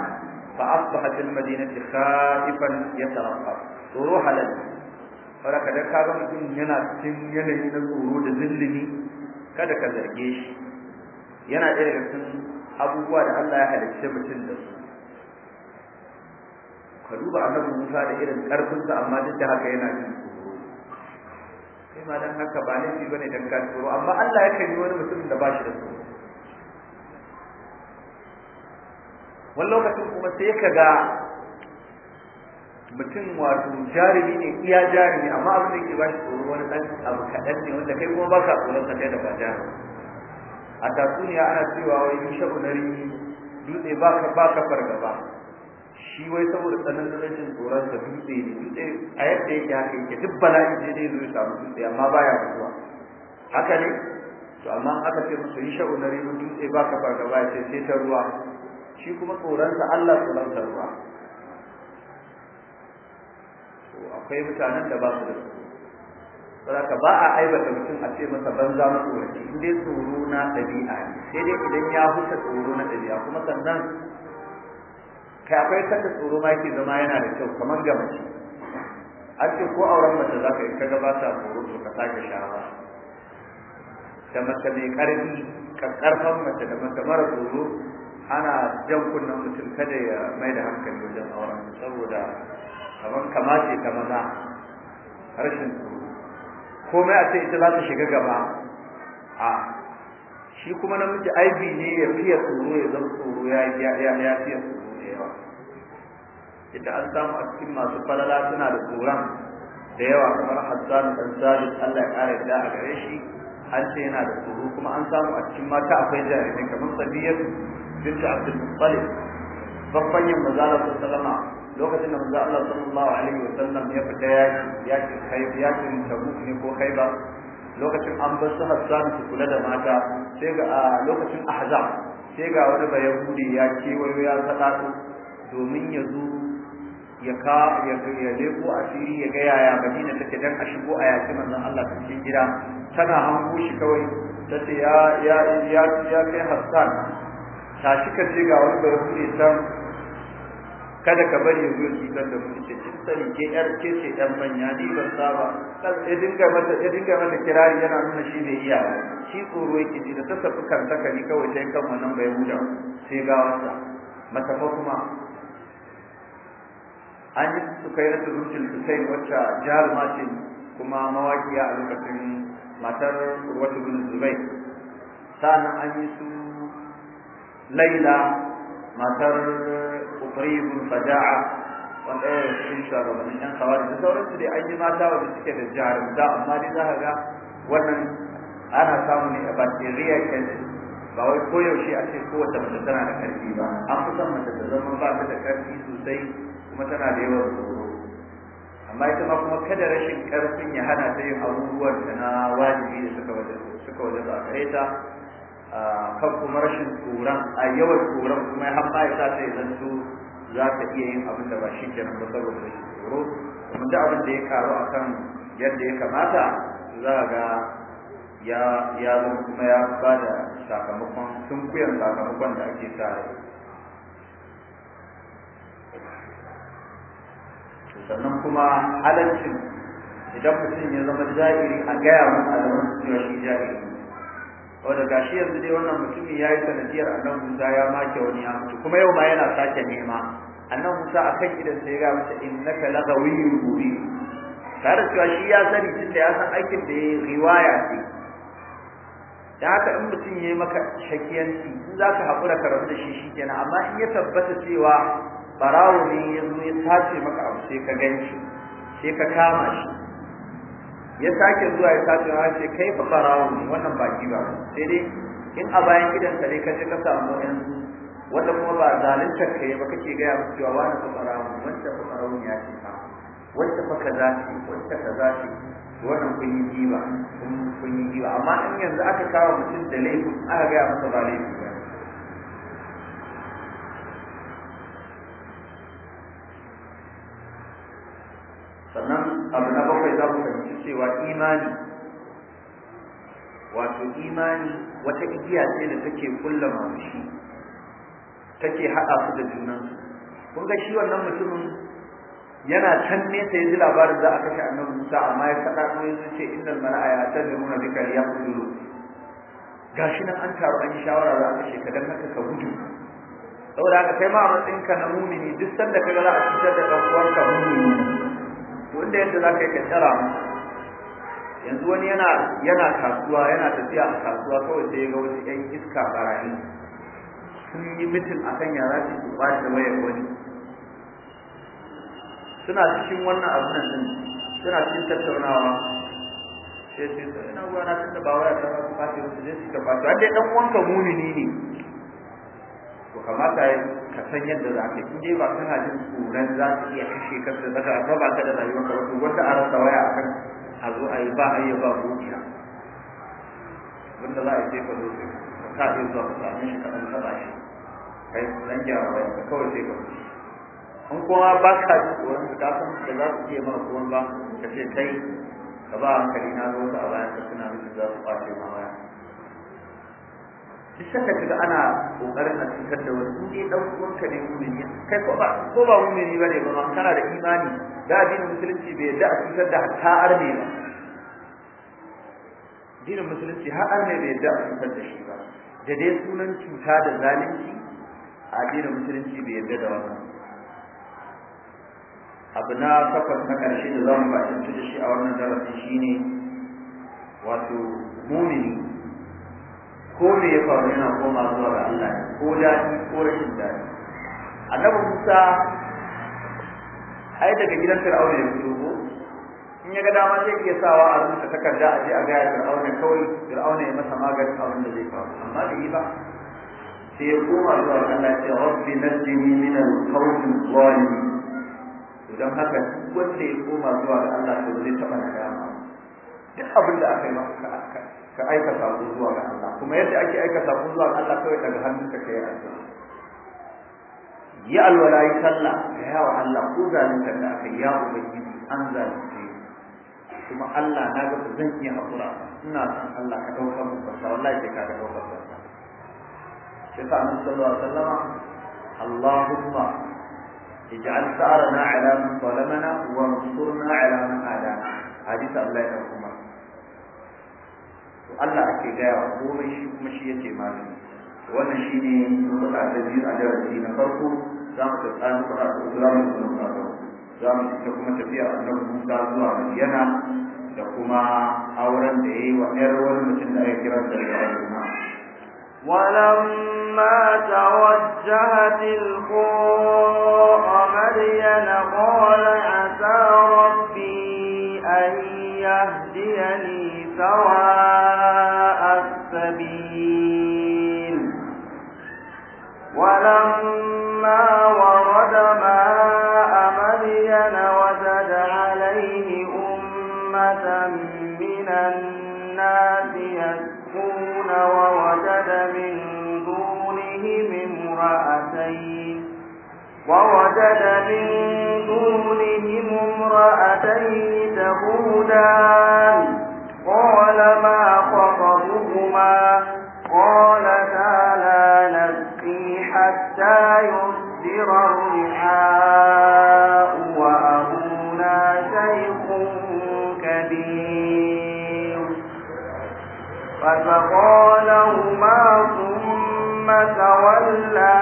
[SPEAKER 2] fa asbahat al madinati khaifan yatarqab tsoro halal fara ka da kaga mutum yana
[SPEAKER 1] cikin yanayi
[SPEAKER 2] na tsoro da zillimi kada ka zarge shi yana ɗaya daga cikin abubuwa da Allah ya halicce mutum da su ka duba annabi Musa da irin karfinsa amma duk da haka yana jin kai ma dan haka ba laifi bane dan ka tsoro amma Allah yakan yi wani mutumin da ba shi da tsoro wani lokacin kuma sai ka ga mutum wato jarumi ne iya jarumi amma abin da yake ba shi tsoro wani dan abu kaɗan ne wanda kai kuma ba ka tsoron ka kai da ba jarumi a tatsuniya ana cewa wai yushabu nari dutse ba ka fargaba shi wai saboda tsananin rashin tsoron da dutse ne dutse a yadda yake haka yake duk bala'i sai dai zai samu dutse amma baya mutuwa haka ne to amma aka ce musu yi sha'u na rinu dutse ba ka farka ya ce sai ta ruwa shi kuma tsoron sa Allah tsoron ta ruwa to akwai mutanen da ba su da tsoro saboda ba a aibata mutum a ce masa banza mu tsoraci in dai tsoro na ɗabi'a ne sai dai idan ya huta tsoro na ɗabi'a kuma sannan kai akwai sanda tsoro ma yake zama yana da kyau kamar ga mace an ce ko auren mace za ka yi ba ta tsoro to ka sake shawara da mace mai ƙarfi ƙarfan mace da mace mara tsoro ana jan kunnen mutum kada ya mai da hankali wajen auren saboda kamar kamace ta maza rashin tsoro komai a ce ita za ta shiga gaba a shi kuma namiji aibi ne ya fiye tsoro ya zama tsoro ya fiye tsoro da yawa inda an samu a cikin masu falala suna da tsoron da yawa kamar Hassan dan Salim Allah ya kare da a gare shi an ce yana da tsoro kuma an samu a cikin mata akwai jarirai kamar Sabiyar binti Abdul Muttalib babban yin manzala sallama lokacin da manzo Allah sallallahu alaihi wa sallam ya fita yaki yakin kai yakin Tabuk ne ko Khaibar lokacin an bar su Hassan su kula da mata sai ga lokacin Ahzab sai ga wani ba yahudi ya ce wayo ya saɗaɗo domin ya zo ya ka ya leko asiri ya ga yaya madina take dan a shigo a yaki manzon Allah ta cikin gida tana hango shi kawai ta ce ya ya ya ya kai Hassan tashi ka ce ga wani ba yahudi san kada ka bari ya zo da mu sani ke yar ce ce dan manya ni ban saba kan sai dinga mata sai dinga mata kirari yana nuna shi bai iya shi tsoro yake ji da ta tafi taka ni kawai sai kan wannan bai huda sai ga wasa mata fa kuma an yi sukairatu su sai wacce jihar ce kuma mawaƙiya a lokacin matar wata bin zubai sannan an yi su laila matar kufri bin faja'a wanda ya cikin shugabannin yan kawai da sauransu dai an yi mata wanda suke da jarumta amma dai za ga wannan ana samu ne a bacteria kenan ba wai koyaushe a ce kowace mace tana da ƙarfi ba an fi son mace ta zama ba ta da ƙarfi sosai kuma tana da yawan tsoro amma ita ma kuma kada rashin ƙarfin ya hana ta yin abubuwan da na wajibi da suka wajen suka a kare ta ah, kan kuma rashin tsoron a yawan tsoron kuma ya hamma ya sa ta yi zanto za ka iya yin abin da ba shi nan ba saboda shi? tsoro kuma da abin da ya karu akan yadda ya kamata za ga ya zama kuma ya ba da sakamakon sunkuyan sakamakon da ake sa sannan kuma halaccin idan mutum ya zama jahiri a gaya mun alamun cewa shi jahiri wanda gashi yanzu dai wannan mutumin ya yi sanadiyar annan musa ya make wani ya mutu kuma yau ma yana sake nema annan musa a kan idan sai ya masa innaka lagawiyyun mubin tare cewa shi ya sani tunda ya san aikin da ya riwaya ce da haka in mutum ya yi maka shakiyanci in za ka haƙura ka rabu da shi shi kenan amma in ya tabbata cewa barawo ne ya ya tace maka abu sai ka gan sai ka kama shi ya sake zuwa ya sake zuwa ce kai fa farawo ne wannan baki ba sai dai in a bayan gidan ka ka ce ka samu yan wanda kuma ba zalunta kai ba kake gaya musu cewa wannan fa farawo wanda fa farawo ya ce ka wanda fa kaza ce wanda kaza ce wannan kun yi jiba kun yi jiba amma in yanzu aka kawo mutum da laifin aka gaya masa ba laifi sannan abu na bakwai za ku fahimci cewa imani wato imani wata igiya ce da take kulla masu shi take haɗa su da junansu kun ga shi wannan mutumin yana can nesa ya ji labarin za a kashe annabi Musa amma ya faɗa ko yanzu ce innal mala'a ya talimuna ga shi nan an taru an yi shawara za a kashe ka dan haka ka gudu saboda haka kai ma a matsayinka na mumini duk sanda ka ga za a cutar da ɗan uwanka mumini Wanda yadda za ka yi ka yanzu wani yana yana kasuwa yana tafiya a kasuwa kawai sai ga wasu yan iska barayi sun yi mitin a kan za su da wayar wani suna cikin wannan abin din suna cikin tattaunawa sai sai sai ina gwana tunda ba bawa ta ba su kwace su je su ka kwace har dai dan uwanka mumini ne to kamata ka san yadda za ka in ba kana jin tsoron za ka iya kashe kanka da ka ba ka da rayuwar ka wato wanda an rasa waya akan a zo a yi ba a yi ba rukiya wanda za a yi sai ka zo sai ka yi zuwa ka sami shi ka ɗan taɓa shi kai ɗan gyara waya ka kawai sai ka wuce kuma ba ka ji tsoron ka san da za su iya mara tsoron ba ka ce kai ka ba hankali na zo a bayan ka suna da za su ɓace ma duk kaga ana kokarin a cikin da wani in dai dan uwanka ne mumini kai ko ba ko ba ne, bane ba ma kana da imani da addinin musulunci bai yadda a cikin da hatta arne ba Dinin musulunci har arne bai yadda a cikin da shi ba da dai sunan cuta da zalunci a addinin musulunci bai yadda da wannan abu na takwas na ƙarshe da za mu ba da shi a wannan darasi shine wato mumini ko me ya faru yana koma zuwa ga Allah ko daɗi ko rashin daɗi annabi Musa ai daga gidan Fir'auna ya fito ko in ya ga dama sai ke sawa a rubuta takarda a je a ga Fir'auna kawai Fir'auna ya masa magani abin da zai faru amma da yi ba sai ya koma zuwa ga Allah ya rabbi najini min al-qawmi zalimin idan haka wanda ya koma zuwa ga Allah to zai taba nadama duk abin da aka yi maka aka ka aika sako zuwa ga Allah kuma yadda ake aika sako zuwa ga Allah kawai daga hannunka kai addu'a yi alwala yi sallah ga yawa Allah ko zalunta da aka ya ubangiji an zalunce kuma Allah na ga zan iya hakura ina san Allah ka dauka mun ba wallahi sai ka dauka ba sai ta annabi sallallahu alaihi wasallam Allahumma ij'al sa'arana ala man zalamana wa ansurna ala man adana hadisi Allah ya dauka Allah ake gaya wa komai shi kuma shi yake magani wannan shi ne kuɗa ta biyu a darasi na farko za mu tafi an kuɗa ta uku za mu tafi kuɗa ta za mu tafi kuma tafiya a nan Musa zuwa Madiyana da kuma auren da ya yi wa ƴar wani mutum da aka kira da
[SPEAKER 1] Ibrahim ولما توجه تلقاء مدين قال وجد من دونهم امرأتين تقودان قال ما خطبهما قال لا نسقي حتى يصدر الرعاء وأبونا شيخ كبير فسقى لهما ثم تولى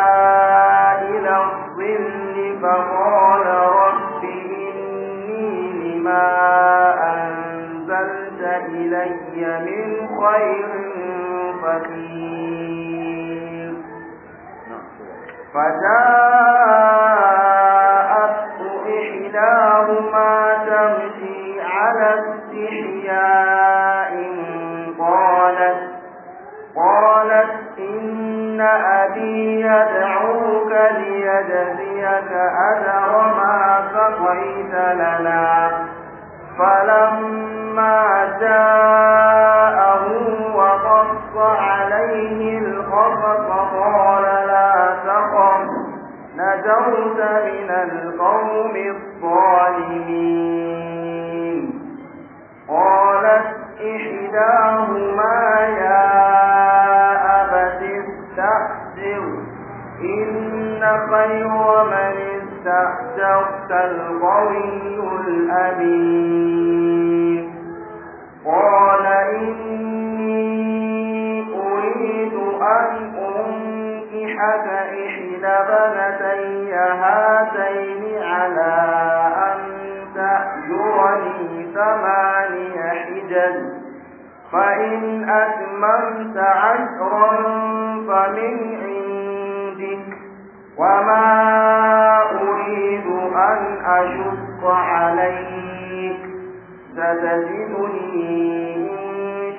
[SPEAKER 1] فجاءت إحداهما تمشي على استحياء قالت قالت إن أبي يدعوك ما لنا فلما جاء نجوت من القوم الظالمين قالت إحداهما يا أبت استحذر إن خير من استحذرت القوي الأمين قال إني أريد أن أنكحك بنتي هاتين على أن تأجرني ثماني حجل فإن أتممت عشرا فمن عندك وما أريد أن أشق عليك ستجدني إن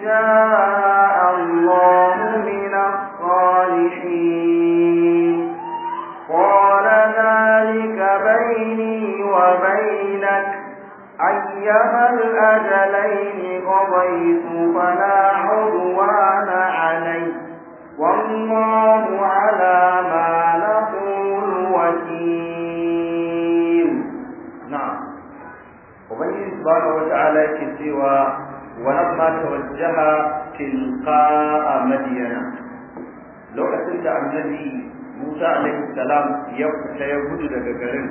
[SPEAKER 1] شاء الله من الصالحين قال ذلك بيني وبينك أيما الأجلين قضيت فلا عدوان علي والله على ما نقول وكيل نعم وبين
[SPEAKER 2] سبحانه وتعالى كسوى ولما توجه تلقاء مدينة لو أتيت عن النبي Musa alaihi salam ya fita ya gudu daga garin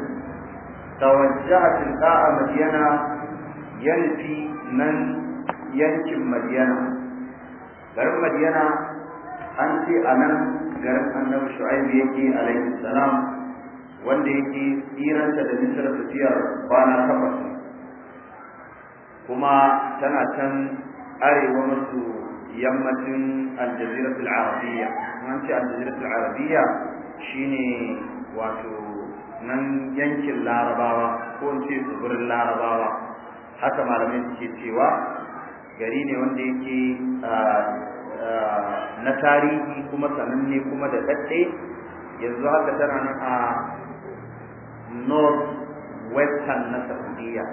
[SPEAKER 2] tawajjahat da'a Madiyana ya nufi nan yankin madyana garin madyana an ce a nan garin annabi Shu'aibu yake alaihi salam wanda yake tsiranta da misar tafiyar kwana takwas kuma tana can arewa masu yammacin aljaziratul arabiyya an ce aljaziratul arabiyya shine wato nan yankin larabawa ko in ce tsibirin larabawa haka malamai suke cewa gari ne wanda yake na tarihi kuma sananne kuma da tsatse yanzu haka tana nan a north western na saudiya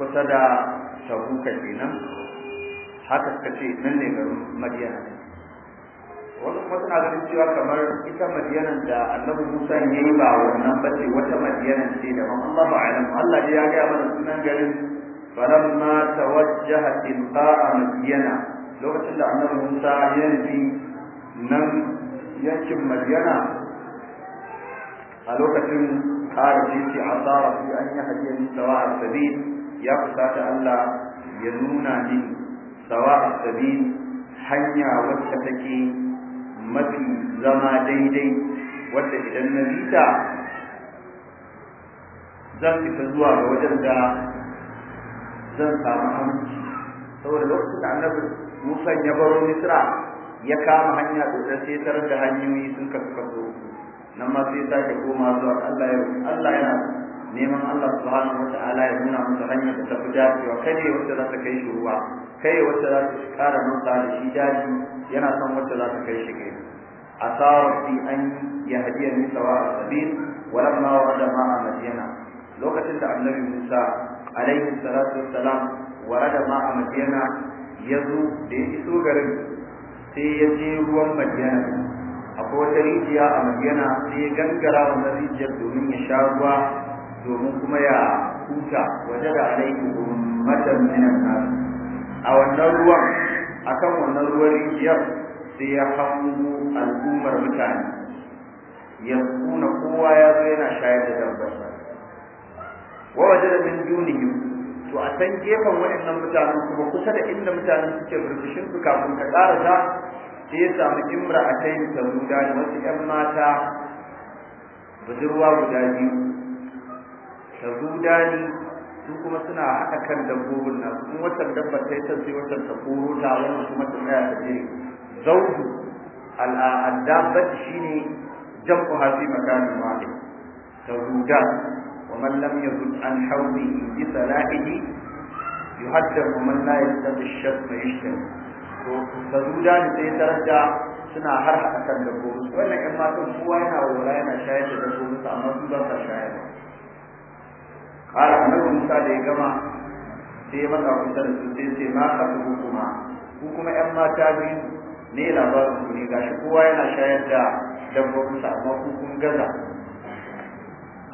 [SPEAKER 2] kusa da shabuka kenan haka suka nan ne garin madiyana wasu kuma suna ganin cewa kamar ita madiyanan da annabi musa ya yi ba wannan ba ce wata madiyanan ce da man allah ba alam allah ya gaya mana sunan garin falamma tawajjaha tilqa'a madiyana lokacin da annabi musa ya nufi nan yankin madiyana a lokacin ƙara ce a tsara fi an yi hajiyar sawa a sabi ya fusata Allah ya nuna ni sawa a sabi hanya wacce take mafi zama daidai wadda idan na bita zan fita zuwa ga wajen da zan samu aminci saboda lokacin da annabi Musa ya baro Misra ya kama hanya sosai sai tar da hanyoyi sun kasu kaso nan ma sai sake koma zuwa Allah ya Allah yana neman Allah subhanahu wata'ala ya nuna musu hanya da ta fi dacewa kai wacce za ta kai shi ruwa kai wacce za ta kara masa da shi daji yana son wacce za ta kai shi ke A rabbi an yi a ni sawa ma wa lamma warada ma'a madyana lokacin da annabi Musa alaihi salatu wassalam a ma'a ya zo da ya iso garin sai ya je ruwan madyana akwai wata rijiya a madyana sai ya gangara wannan rijiyar domin ya sha ruwa domin kuma ya huta waje da alaihi ummatan minan nasu a wannan ruwan akan wannan ruwan biyar sai ya hango al'ummar mutane ya kuna kowa ya zo yana shayar da dabbarsa wa waje da min dunihim to a san gefen waɗannan mutanen kuma kusa da inda mutanen suke burbushin su kafin ka ƙarasa sai ya samu imra a kai ta guda da wasu ƴan mata budurwa guda biyu ta su kuma suna haɗa kan dabbobin nan Kuma watan dabba ta yi ta sai watan ta koro ta wannan kuma ta tsaya ta je zaudu al'adabbat shine jam'u hafi makanin wahid tawuda wa man lam yazud an hawlihi bi salahihi yuhaddar wa man la yastati ash-shart yashtar to tawuda ne sai daraja suna har haɗa kan dabbobin wannan 'yan matan kowa yana wura yana shayar da dabbobin amma su ba shayar. shayarwa har annabi Musa da ya gama sai ya matsa kusa da su sai ma ka ku kuma ku kuma ƴan mata biyu ne labarin ku ne gashi kowa yana shayar da dabbobin sa amma ku kun gaza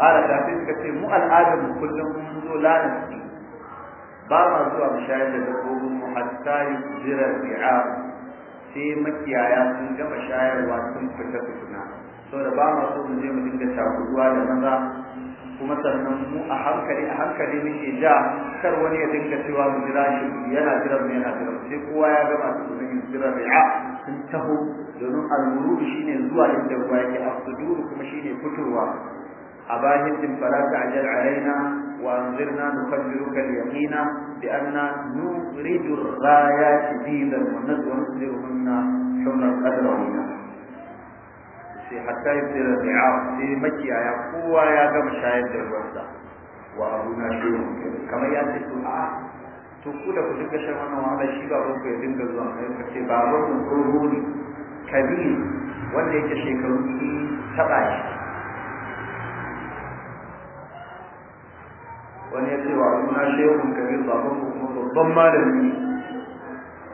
[SPEAKER 2] ala ta sai suka ce mu al'adamu kullum mun zo lanasi ba ma zuwa mu shayar da dabbobin mu hatta yujira bi'a sai makiyaya sun gama shayarwa sun fita fituna saboda ba ma so mu je mu dinga takuruwa da maza kuma sannan mu a hankali a hankali muke ja kar wani ya dinga cewa mu jira shi yana jiran mu yana sai kowa ya ga masu kuma yin jira sun taho domin al-murud shine zuwa inda ruwa yake as kuma shine fitowa أباهد فلا تعجل علينا وأنظرنا نخبرك اليقين بأن نورد الرايات ديدا ونسلمهن حمر قدرهن sai hatta yi tsira da sai makiyaya kowa ya gama shayar da ruwansa wa abuna shirin kamar ya ce to a to ku da ku duka shan wannan wahala shi ba ku ya dinga zuwa mai ka ce ba ba ku tsoho ne kabiri wanda yake shekaru ki taɓa shi wani ya ce wa shi shirin kabir ba ku kuma babban malami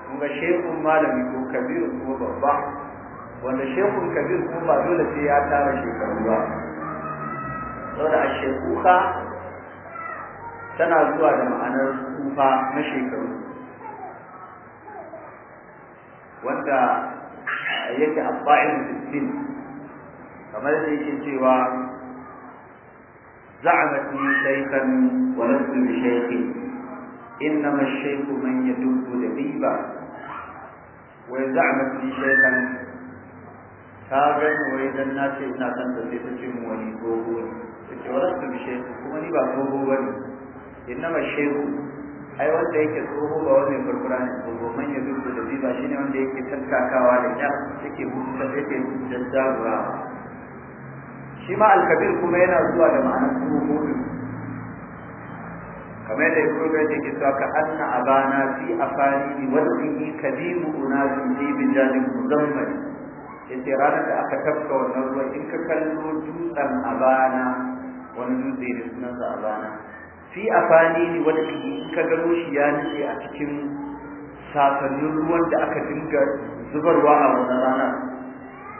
[SPEAKER 2] kun shi shehun malami ko kabiru kuma babba wanda shekul kabir kuma ba dole sai ya tara shekaru ba saboda a shekuka tana zuwa da ma'anar kufa na shekaru wanda yake abba'in sittin kamar da yake cewa زعمتني شيخا ولست بشيخ إنما الشيخ من يدب دبيبا وزعمتني شيخا ka gani wai dan na ce ina san da sai ta mu wani gogo ne take wala su bishe kuma ni ba gogo bane inna ma shehu ai wanda yake tsoho ba wani furfura ne gogo man ya zuwa da ziba shine wanda yake tattakawa da ya yake hutu da jajjawa shi ma alkabir kuma yana zuwa da ma'anar tsoho kamar da yake kuma yake cewa ka anna abana fi afani wa dini kadimu una fi bi jadin muzammali yace ranar da aka tafka wannan ruwan in ka kallo dutsen abana wani dutse ne sunansa abana fi afani ne wanda in ka gano shi ya nace a cikin sasannin ruwan da aka dinga zubarwa a wannan rana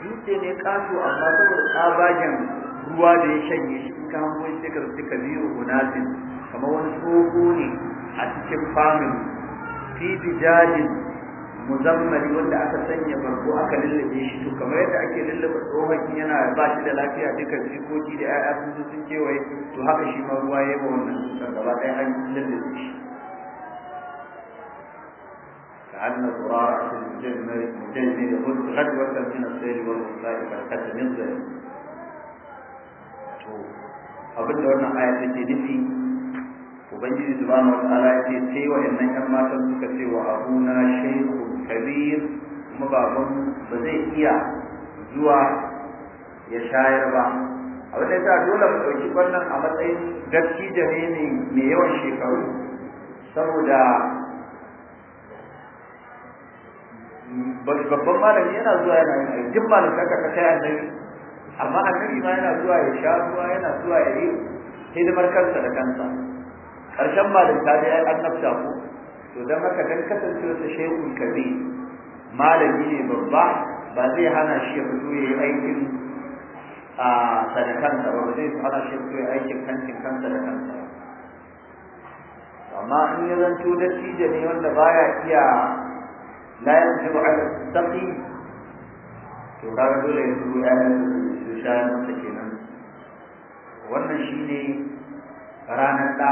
[SPEAKER 2] dutse ne kaso amma saboda tsabagen ruwa da ya shanye shi ka hango shi ka biyo kabiru gunatin kamar wani tsoho ne a cikin famin fi bijadin muzammari wanda aka sanya barko aka lullube shi to kamar yadda ake lullube tsohon yana ba shi da lafiya duka jikoki da ya'ya sun zo sun kewaye to haka shi ma ruwa ya ba wannan tutar gaba ɗaya an lullube shi كأن القرار في غدوة من السير والمصائب بركة من غير abin da wannan aya take nufi ubangiji subhanahu wataala ya ce sai wa'annan yan matan suka ce wa abuna shaykhun kabir kuma baban ba zai iya zuwa ya shayar ba a wata ta dole mu ɗauki wannan a matsayin gaski ne ne mai yawan shekaru saboda babban malami yana zuwa yana yin duk da aka ka ya annabi amma annabi ma yana zuwa ya sha ruwa yana zuwa ya yi hidimar kansa da kansa karshen ta da ya annabta ku to dan haka dan kasancewa ta shehu kabi malami ne babba ba zai hana shi ya fito yayi aikin a sadakansa ba zai hana shi ya aikin kancin kansa da kansa amma in ya zanto dattijo ne wanda baya iya la ba ala taqi to kaga dole ya zo ya su shayar masa kenan wannan shine ranar da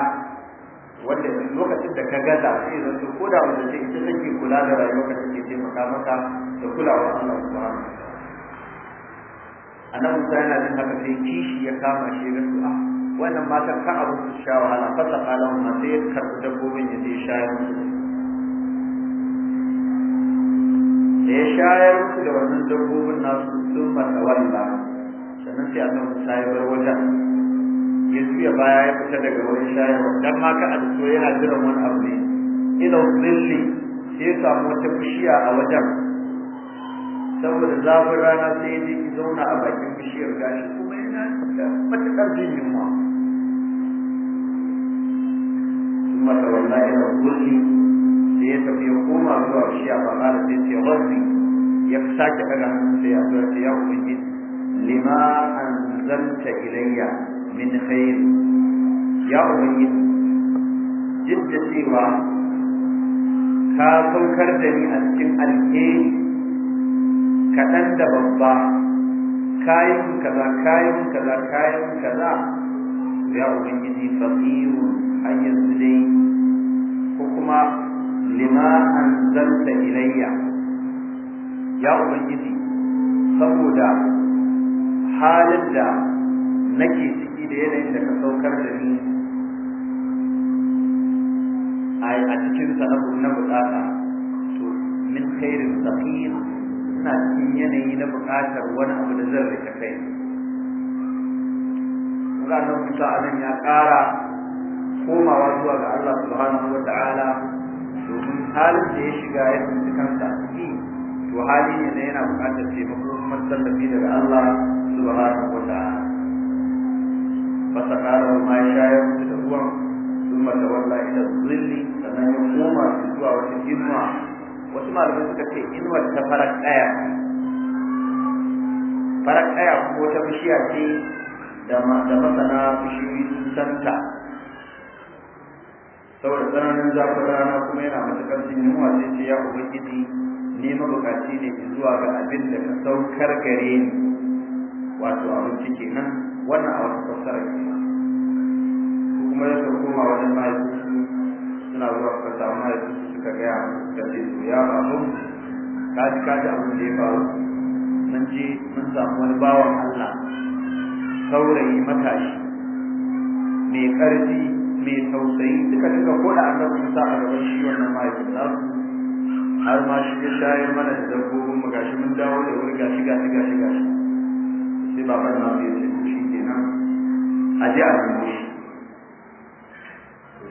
[SPEAKER 2] wanda lokacin da ka gaza sai zan ko koda wanda ce ita take kula da rayuwa ka take taimaka maka da kulawa Allah subhanahu wa ta'ala annabi Musa yana jin haka sai kishi ya kama shi da su'a ah, wannan matan ka abu su sha wahala fasa kalan ma sai ya karɓi dabbobin ya je shayar musu da ya shayar musu da wannan dabbobin nasu sun masa wanda sannan sai annabi Musa ya bar wajen ya baya ya fita daga wani shayarwa dan ma ka aji so yana jiran wani abu ne ina zilli sai ya samu wata bishiya a wajen saboda zafin rana sai ya je ki zauna a bakin bishiyar gashi kuma yana da matuƙar jin yunwa. kuma ta wanda ina zilli sai ya tafi ya koma zuwa shi a ma da sai ya wasu ya fi sake ɗaga hannu sai ya zuwa ta ya ubangiji lima an zanta ilayya min khair ya ubangiji duk da cewa ka saukar da ni a cikin alheri kaɗan da babba kayan kaza kayan kaza kayan kaza ya ubangiji faqiru a yanzu dai ko kuma lima anzalta ilayya ya ubangiji saboda halin da nake ciki da yanayin da ka saukar da ni a cikin sanabu na bukata to min khairin saqir ina cikin yanayi na bukatar wani abu da zan rika kai ga nan musa ya kara komawa zuwa ga Allah subhanahu wa ta'ala domin halin da ya shiga ya tsinci kansa ciki to hali ne yana bukatar taimako kuma tallafi daga Allah subhanahu wa ta'ala fasakarar ma ya shayar musu da ruwan sun mata walla ila zulli sannan ya koma zuwa wata inuwa wasu malamai suka ce inuwar ta farar ɗaya farar ɗaya ko ta bishiya ce da masana bishiyoyi sun santa saboda tsananin zafin rana kuma yana matuƙar sun yunwa sai ce ya ubangiji ne mabukaci ne zuwa ga abin da ka saukar gare ni wato abinci kenan wannan a wata fassara ke kuma ya koma wajen mahaifinsu suna zuwa kasa mahaifinsu suka gaya da ce to ya babu kaji kaji abin da ya faru mun ji mun samu wani bawan Allah saurayi matashi mai ƙarfi mai tausayi duka duka an annabi sa a gaban shi wannan mahaifin su har ma shi ya shayar mana da dabbobin mu gashi mun dawo da wuri gashi gashi gashi gashi sai ba baban namu ya ce a je a dubo shi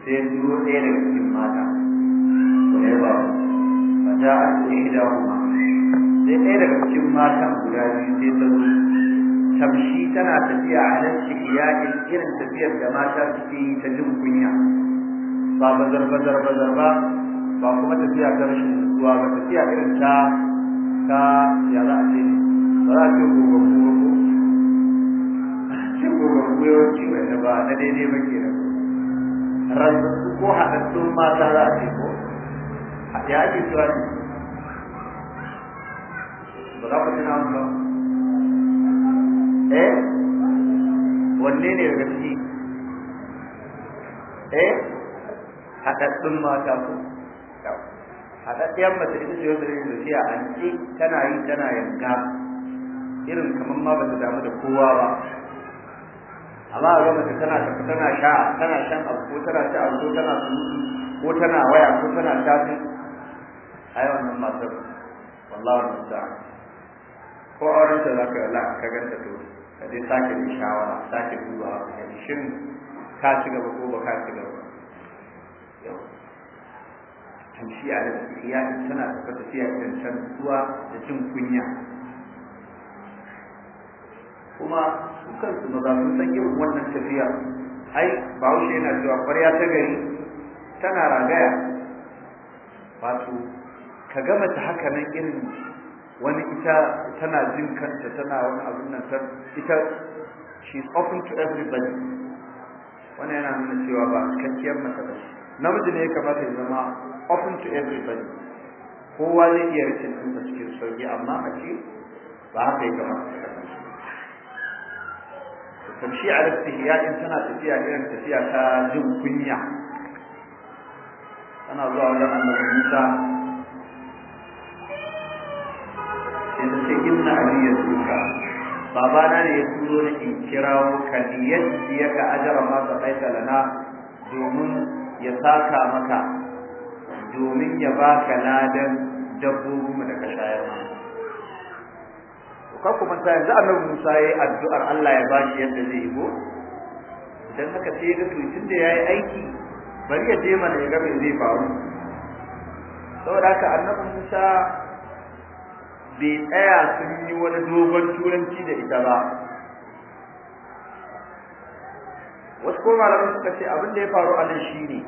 [SPEAKER 2] sai duro ɗaya daga cikin mata wanda ya ba ba ta a cikin gida kuma sai ɗaya daga cikin matan guda biyu sai ta zo tamshi tana tafiya a nan shi ya irin tafiyar da mata suke yi ta jin kunya ba bazar bazar bazar ba ba kuma tafiya ta rashin nutsuwa ba tafiya irin ta ta ya za a ce ba za a ce gobe gobe cin gugun gwiwoci wanda ba na daidai ba ke nan rantsattu ko haɗattun mata za a ce ko a ya ake kira ne ba za ku tuna mu ba eh wanne ne daga ciki eh haɗattun mata ko haɗaɗɗiyar mace ita ce wata da a an ce tana yi tana yanka. irin kamar ma ba ta damu da kowa ba amma a lokacin tana tafi tana sha tana shan abu ko tana ci abu ko tana surutu ko tana waya ko tana tafi ai wannan matar wallahi musta'an ko auren ta zaka yi Allah ka ganta to ka dai sake yi shawara sake duba ka shin ka ci gaba ko ba ka ci gaba yau an shi a da iyali tana tafi tafiya da can da jin kunya kuma su maza sun san irin wannan tafiya ai bahaushe yana cewa kwarya ta gari tana ragaya wato ka gama ta haka nan irin wani ita tana jin kanta tana wani abin nan ita she is open to everybody wannan yana nuna cewa ba cikakkiyar mata ba namiji ne ya kamata ya zama open to everybody kowa zai iya rikin ɗinsa cikin sauki amma a ce ba haka ya kamata ta kasance tamshi a lafiya in tana tafiya irin tafiya ta jin kunya tana zuwa wajen annabi Musa in da ce inna ali ya tuka babana ne ya turo ni in kirawo ka yadda ya ga ajara ma ka baita domin ya saka maka domin ya baka ladan dabbobinmu da ka shayar mana kan manta yanzu annabi Musa ya yayi addu'ar Allah ya ba shi yadda zai yi go Idan haka sai ya ga da tunda yayi aiki bari ya je mana ya ga zai faru saboda haka annabi Musa bai tsaya sun yi wani dogon turanci da ita ba wasu ko malamin suka ce abin da ya faru a nan shine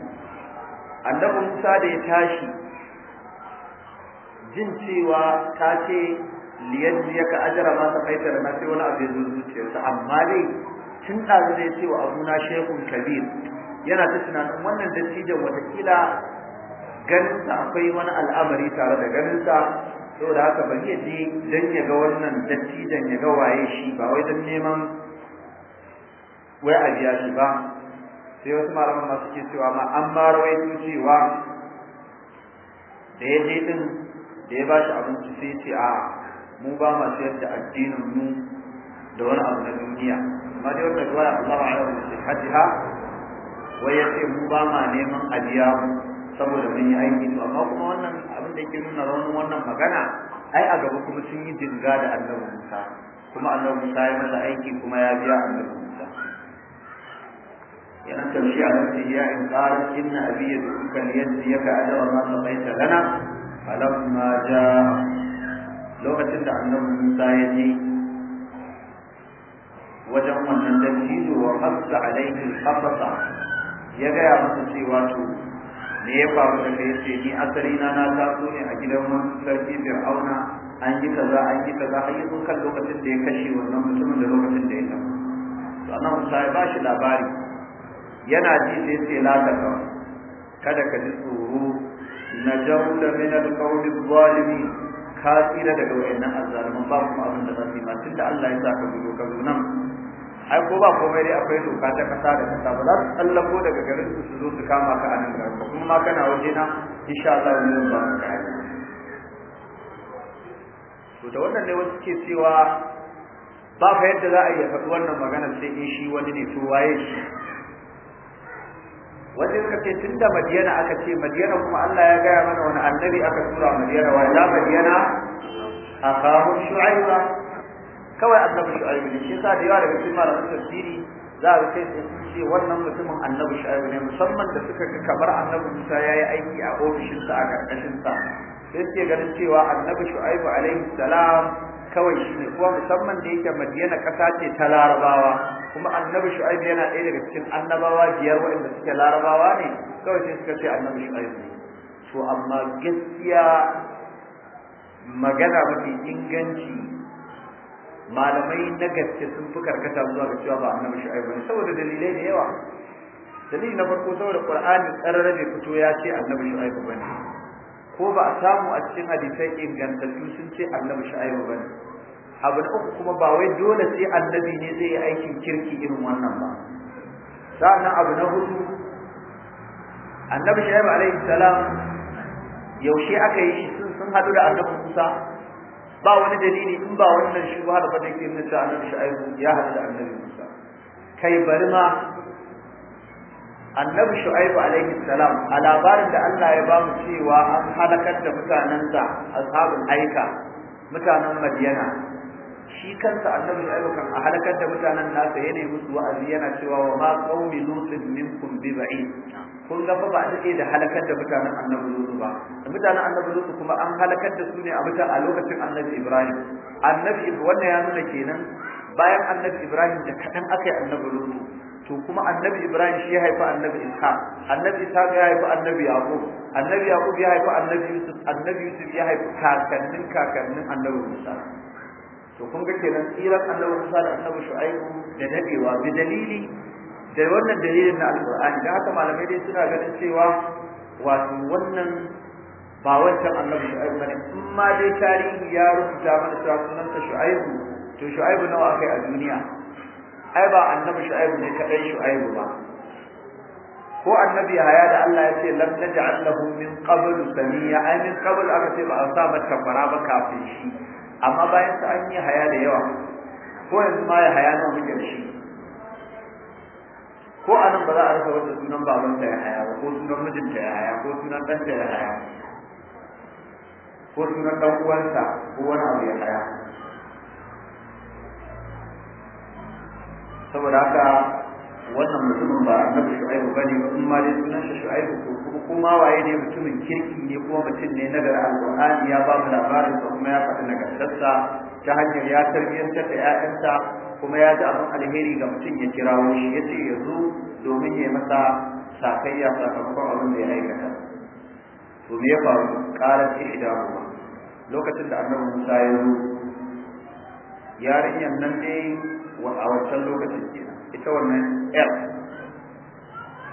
[SPEAKER 2] annabi Musa da ya tashi jin cewa ta ce ya ka ajara ma ta faita da sai wani abu ya zo sa, amma dai tun ɗazu da sai ce wa abuna shekun kabir yana ta tunanin wannan dattijan watakila ganinsa akwai wani al'amari tare da ganinsa saboda haka bari ya je don ya ga wannan dattijan ya ga waye shi ba wai don neman wai a biya shi ba sai wasu malaman masu ke cewa ma an ba rawaito cewa da ya je din da ya ba shi abinci sai ce a mu ba ma sayar da addinin mu da wani abu na duniya amma dai wata Allah ya yi shi sihhatiha wai ce mu ba ma neman aliya saboda mun yi aiki to amma kuma wannan abin da yake nuna rawan wannan magana ai a gaba kuma sun yi dinga da Annabi Musa kuma Annabi Musa ya masa aiki kuma ya biya Annabi Musa ya nan shi a cikin ya in qala inna abiyya dukan yadda yaka adama ma saqaita lana falamma jaa lokacin da annabi Musa ya je wajen wannan dattijo wa hasa alaihi qasasa ya gaya masa cewa to me ya faru da kai sai ni asali na na taso ne a gidan wani sarki Fir'auna an yi kaza an yi kaza har yanzu kan lokacin da ya kashe wannan mutumin da lokacin da ya tafi to annabi Musa ya bashi labari yana ji sai sai la kada ka ji tsoro na jawla min al-qawmi adh-dhalimin ka tsira daga wayannan azzaluman ba kuma abin da za yi ma tunda Allah ya sa ka gudu ka zo nan ai ko ba komai dai akwai doka ta kasa da kasa ba za su tsallako daga garin su su zo su kama ka a nan garin kuma ma kana waje na insha Allah yi ba to da wannan ne wasu ke cewa ba fa yadda za a yi faɗi wannan magana sai in shi wani ne to waye shi wanda suka tun da madiyana aka ce madiyana kuma Allah ya gaya mana wani annabi aka tura madiyana wa ya madiyana a kawo shu'aiba kawai annabi shu'aibu ne shi yasa da yawa daga cikin malamin tafsiri za a sai sun ce wannan mutumin annabi shu'aibu ne musamman da suka ga kamar annabi Musa ya yi aiki a ofishinsa a ƙarƙashinsa. sa sai suke ganin cewa annabi shu'aibu alaihi salam kawai shi ne kuma musamman da yake Madina kasa ce ta larabawa kuma annabi shu'aib yana ɗaya daga cikin annabawa biyar waɗanda suke larabawa ne kawai sai suka ce annabi shu'aib ne to amma gaskiya magana mafi inganci malamai na gaske sun fi karkata zuwa ga cewa ba annabi shu'aib ne saboda dalilai da yawa dalili na farko saboda qur'ani tsararrabe fito ya ce annabi shu'aib bane ko ba a samu a cikin hadisai ingantattu sun ce annabi shu'aibu ba ne abu na uku kuma ba wai dole sai annabi ne zai yi aikin kirki irin wannan ba sa'annan abu na hudu annabi shu'aibu alaihi salam yaushe aka yi shi sun sun hadu da annabi Musa ba wani dalili in ba wannan ba da fadin kin nisa annabi shu'aibu ya hadu da annabi Musa kai bari ma annabi shu'aibu alayhi salam a labarin da Allah ya bamu cewa an halakar da mutanensa ashabul aika mutanen madiyana shi kansa annabi shu'aibu kan a halakar da mutanen nasa yana yi musu wa'azi yana cewa wa ma qaumi lutin minkum bi ba'id kun ga fa ba a da halakar da mutanen annabi lutu ba mutanen annabi lutu kuma an halakar da su ne a mutan a lokacin annabi ibrahim annabi wannan ya nuna kenan bayan annabi ibrahim da kadan aka yi annabi lutu to kuma annabi ibrahim shi ya haifi annabi isa annabi isa ya haifi annabi yaqub annabi yaqub ya haifi annabi yusuf annabi yusuf ya haifi kakannin kakannin annabi musa to kun ga kenan tsiran annabi musa da annabi shu'aibu da dadewa bi dalili da wannan dalilin na alqur'ani da haka malamai dai suna ganin cewa wato wannan ba wancan annabi shu'aibu bane in ma dai tarihi ya rubuta mana cewa sunan shu'aibu to shu'aibu nawa akai a duniya ai ba annabi shu'aibu ne kadai shu'aibu ba ko annabi haya da Allah ya ce lam naj'al lahu min qabl samiya ai min qabl aka ce ba a sa mata fara ba kafin shi amma bayan sa an yi haya da yawa ko yanzu ma ya haya nawa muke shi ko anan ba za a rasa wanda sunan ta ya haya ba ko sunan mijinta ya haya ko sunan ta ya haya ko sunan ɗan uwansa ko wani abu ya haya saboda haka wannan mutumin ba annabi shu'aibu bane ba in ma dai sunan shi shu'aibu ko kuma kuma waye ne mutumin kirki ne kuma mutum ne na gara alqur'ani ya ba mu labarin sa kuma ya faɗi nagartarsa ta hanyar ya tarbiyyantar da ƴaƴansa kuma ya ji abin alheri ga mutum ya kira shi ya ce ya zo domin ya masa sakayya sakamakon abin da ya aikata to me ya faru ƙarar ihdahu lokacin da annabi Musa ya zo yarinyar nan dai a wancan lokacin kenan ita wannan L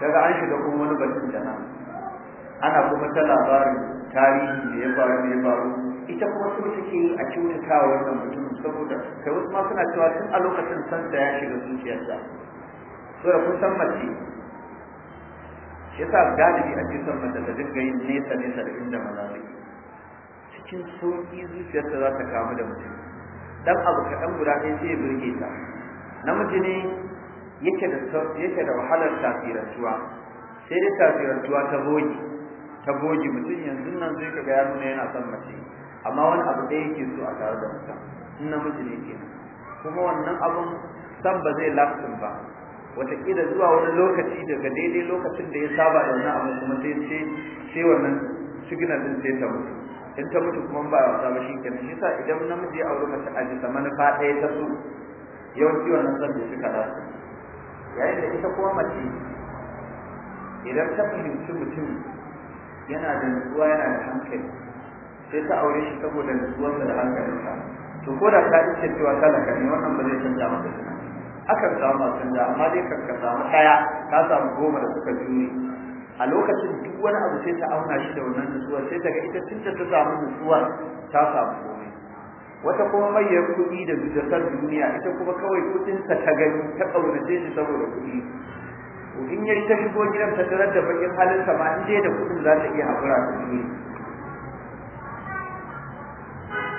[SPEAKER 2] daga an shiga kuma wani batun da nan ana kuma ta labarin tarihi da ya faru da ya faru ita kuma su take yi a cikin wa wannan mutumin saboda kai wasu ma suna cewa tun a lokacin santa ya shiga zuciyarsa da kun san mace shi yasa galibi ake son mace ta dinga yin nesa nesa da inda maza suke cikin sauƙi zuciyarta za ta kamu da mutum dan abu kaɗan guda ɗaya sai ya burge ta namiji ne yake da yake da wahalar tafirantuwa sai dai tafirantuwa ta bogi ta bogi mutum yanzu nan zai ka ga nuna yana son mace amma wani abu da yake so a tare da mutum in namiji ne kenan kuma wannan abun san ba zai lafsin ba wataƙila zuwa wani lokaci daga daidai lokacin da ya saba da wannan abu kuma sai sai sai wannan shigina din sai ta mutu in ta mutu kuma ba wasa ba shi kenan shi yasa idan namiji ya aure mace a bisa manufa ɗaya ta so ciwon nan zan da suka za yayin da ita kuma mace idan ta fahimci mutum yana da nutsuwa yana da hankali sai ta aure shi saboda nutsuwar da hankalinsa to ko da ta ce cewa da kani wannan ba zai canza maka tunani akan samu masu canza amma dai kan ka samu ɗaya ka samu goma da suka jure a lokacin duk wani abu sai ta auna shi da wannan nutsuwa sai daga ita tun da ta samu nutsuwa ta samu wata kuma mayyar kuɗi da zuzatar duniya ita kuma kawai kuɗinsa ta gani ta ƙaunace shi saboda kuɗi in ya ta shigo gidan ta tarar da bakin halin sa ma inda da kudin za ta iya haƙura ta kuɗi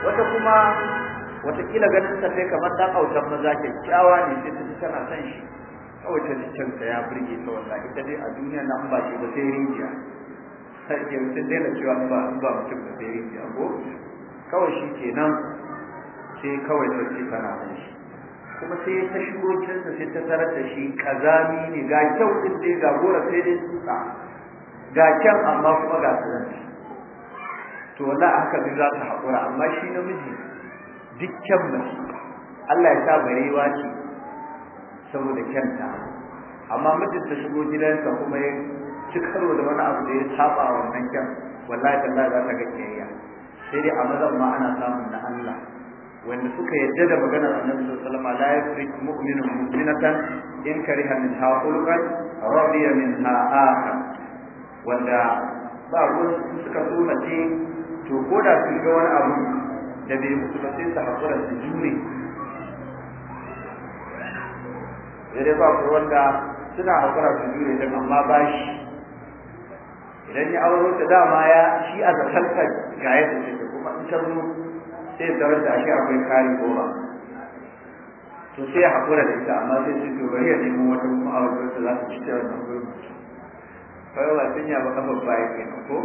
[SPEAKER 2] wata kuma kila ganin sa sai kamar ɗan autan maza kyakkyawa ne sai ta ji tana son shi kawai ta ji canta ya burge ta wanda ita dai a duniya nan ba shi ba sai rijiya sai ke mutum daina cewa ba mutum ba sai rijiya ko kawai shi kenan sai kawai sarki tana da shi kuma sai ta shigo gidansa sai ta tarar da shi kazami ne ga kyau din dai ga gora sai dai tsutsa ga kyan amma kuma ga tsanci to wallahi haka bi za ta haƙura amma shi namiji dukkan mace Allah ya sa barewa ce saboda ta amma mutum ta shigo gidansa kuma ya ci karo da wani abu da ya saba wannan kyan wallahi ta za ta ga kiyayya sai dai a mazan ma ana samun na Allah wanda suka yadda da maganar annabi sallallahu alaihi wasallam la yafrik mu'minun mu'minatan in kariha min ha ulqan radiya min ha'aka wanda ba ruwan suka so mace to ko da sun ga wani abu da bai musu ba sai su hakura su jure yare ba ku wanda suna hakura su jure dan amma ba shi idan ya auro da dama ya shi a zakalta ga yadda ke kuma in ta zo sai tarar da ake akwai kari goma to sai ya haƙura da ita amma sai su to bari ya nemo wata kuma a wajen su za su ci cewa ta gurin kawai ba sun yaba kafa baya na ko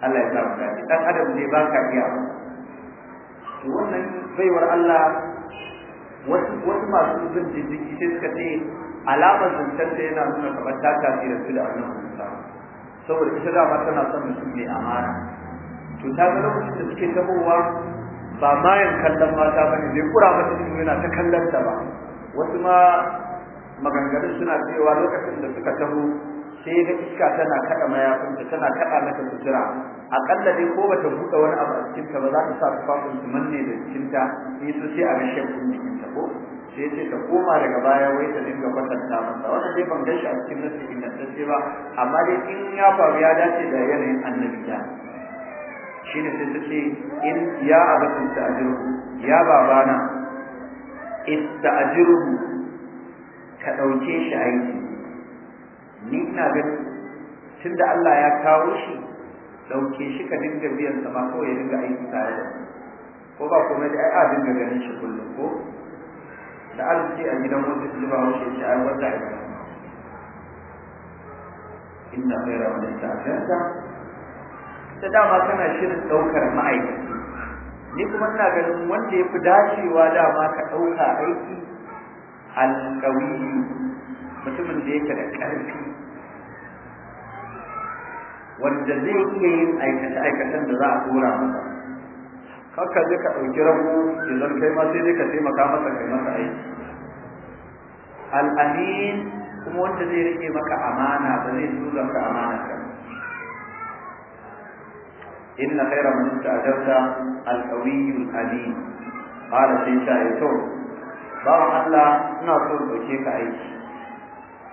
[SPEAKER 2] Allah ya sa mu dace ɗan adam ne ba ka iya to wannan baiwar Allah wasu wasu masu bin diddigi sai suka ce alamar zantar da yana nuna kamar ta tafi da su da wannan Musa saboda ita ma tana son mutum mai amana to ta ga lokacin da suke tabowa ba mayan kallon mata bane bai kura mata ido yana ta kallon ta ba wasu ma maganganun suna cewa lokacin da suka taho sai ga iska tana kada mayafinta tana kada mata sutura akalla dai ko bata buɗe wani abu a cikinta ba za ta sa tufafin su manne da cikinta sai su sai a rashin ta ko sai ce ta koma daga baya wai ta dinga kwatanta masa wannan dai ban gaishe a cikin nasu ingantacce ba amma dai in ya faru ya dace da yanayin annabi da shine sai ta in ya abatin ta'jiru ya babana ista'jiru ka dauke shi aiki ni ina ganin tunda Allah ya kawo shi dauke shi ka dinga biyan sa ma kawai ya dinga aiki tare da ko ba kuma da ai a dinga ganin shi kullum ko da arziki a gidan wasu zuba wasu ya ce ai wanda ai inna khayra man ta'azzara ta dama kana shirin ɗaukar ma'aikaci ni kuma ina ganin wanda ya fi dacewa dama ka ɗauka aiki alƙawiyu mutumin da yake da ƙarfi wanda zai iya yin aikace-aikacen da za a tura masa haka zai ka ɗauki rabu idan kai ma sai dai ka taimaka masa kai masa aiki al'amin kuma wanda zai rike maka amana ba zai tura maka amana ka إن خير من استأجرت القوي الأمين قال سيشا يتوب بارك الله نصر بشيك عيش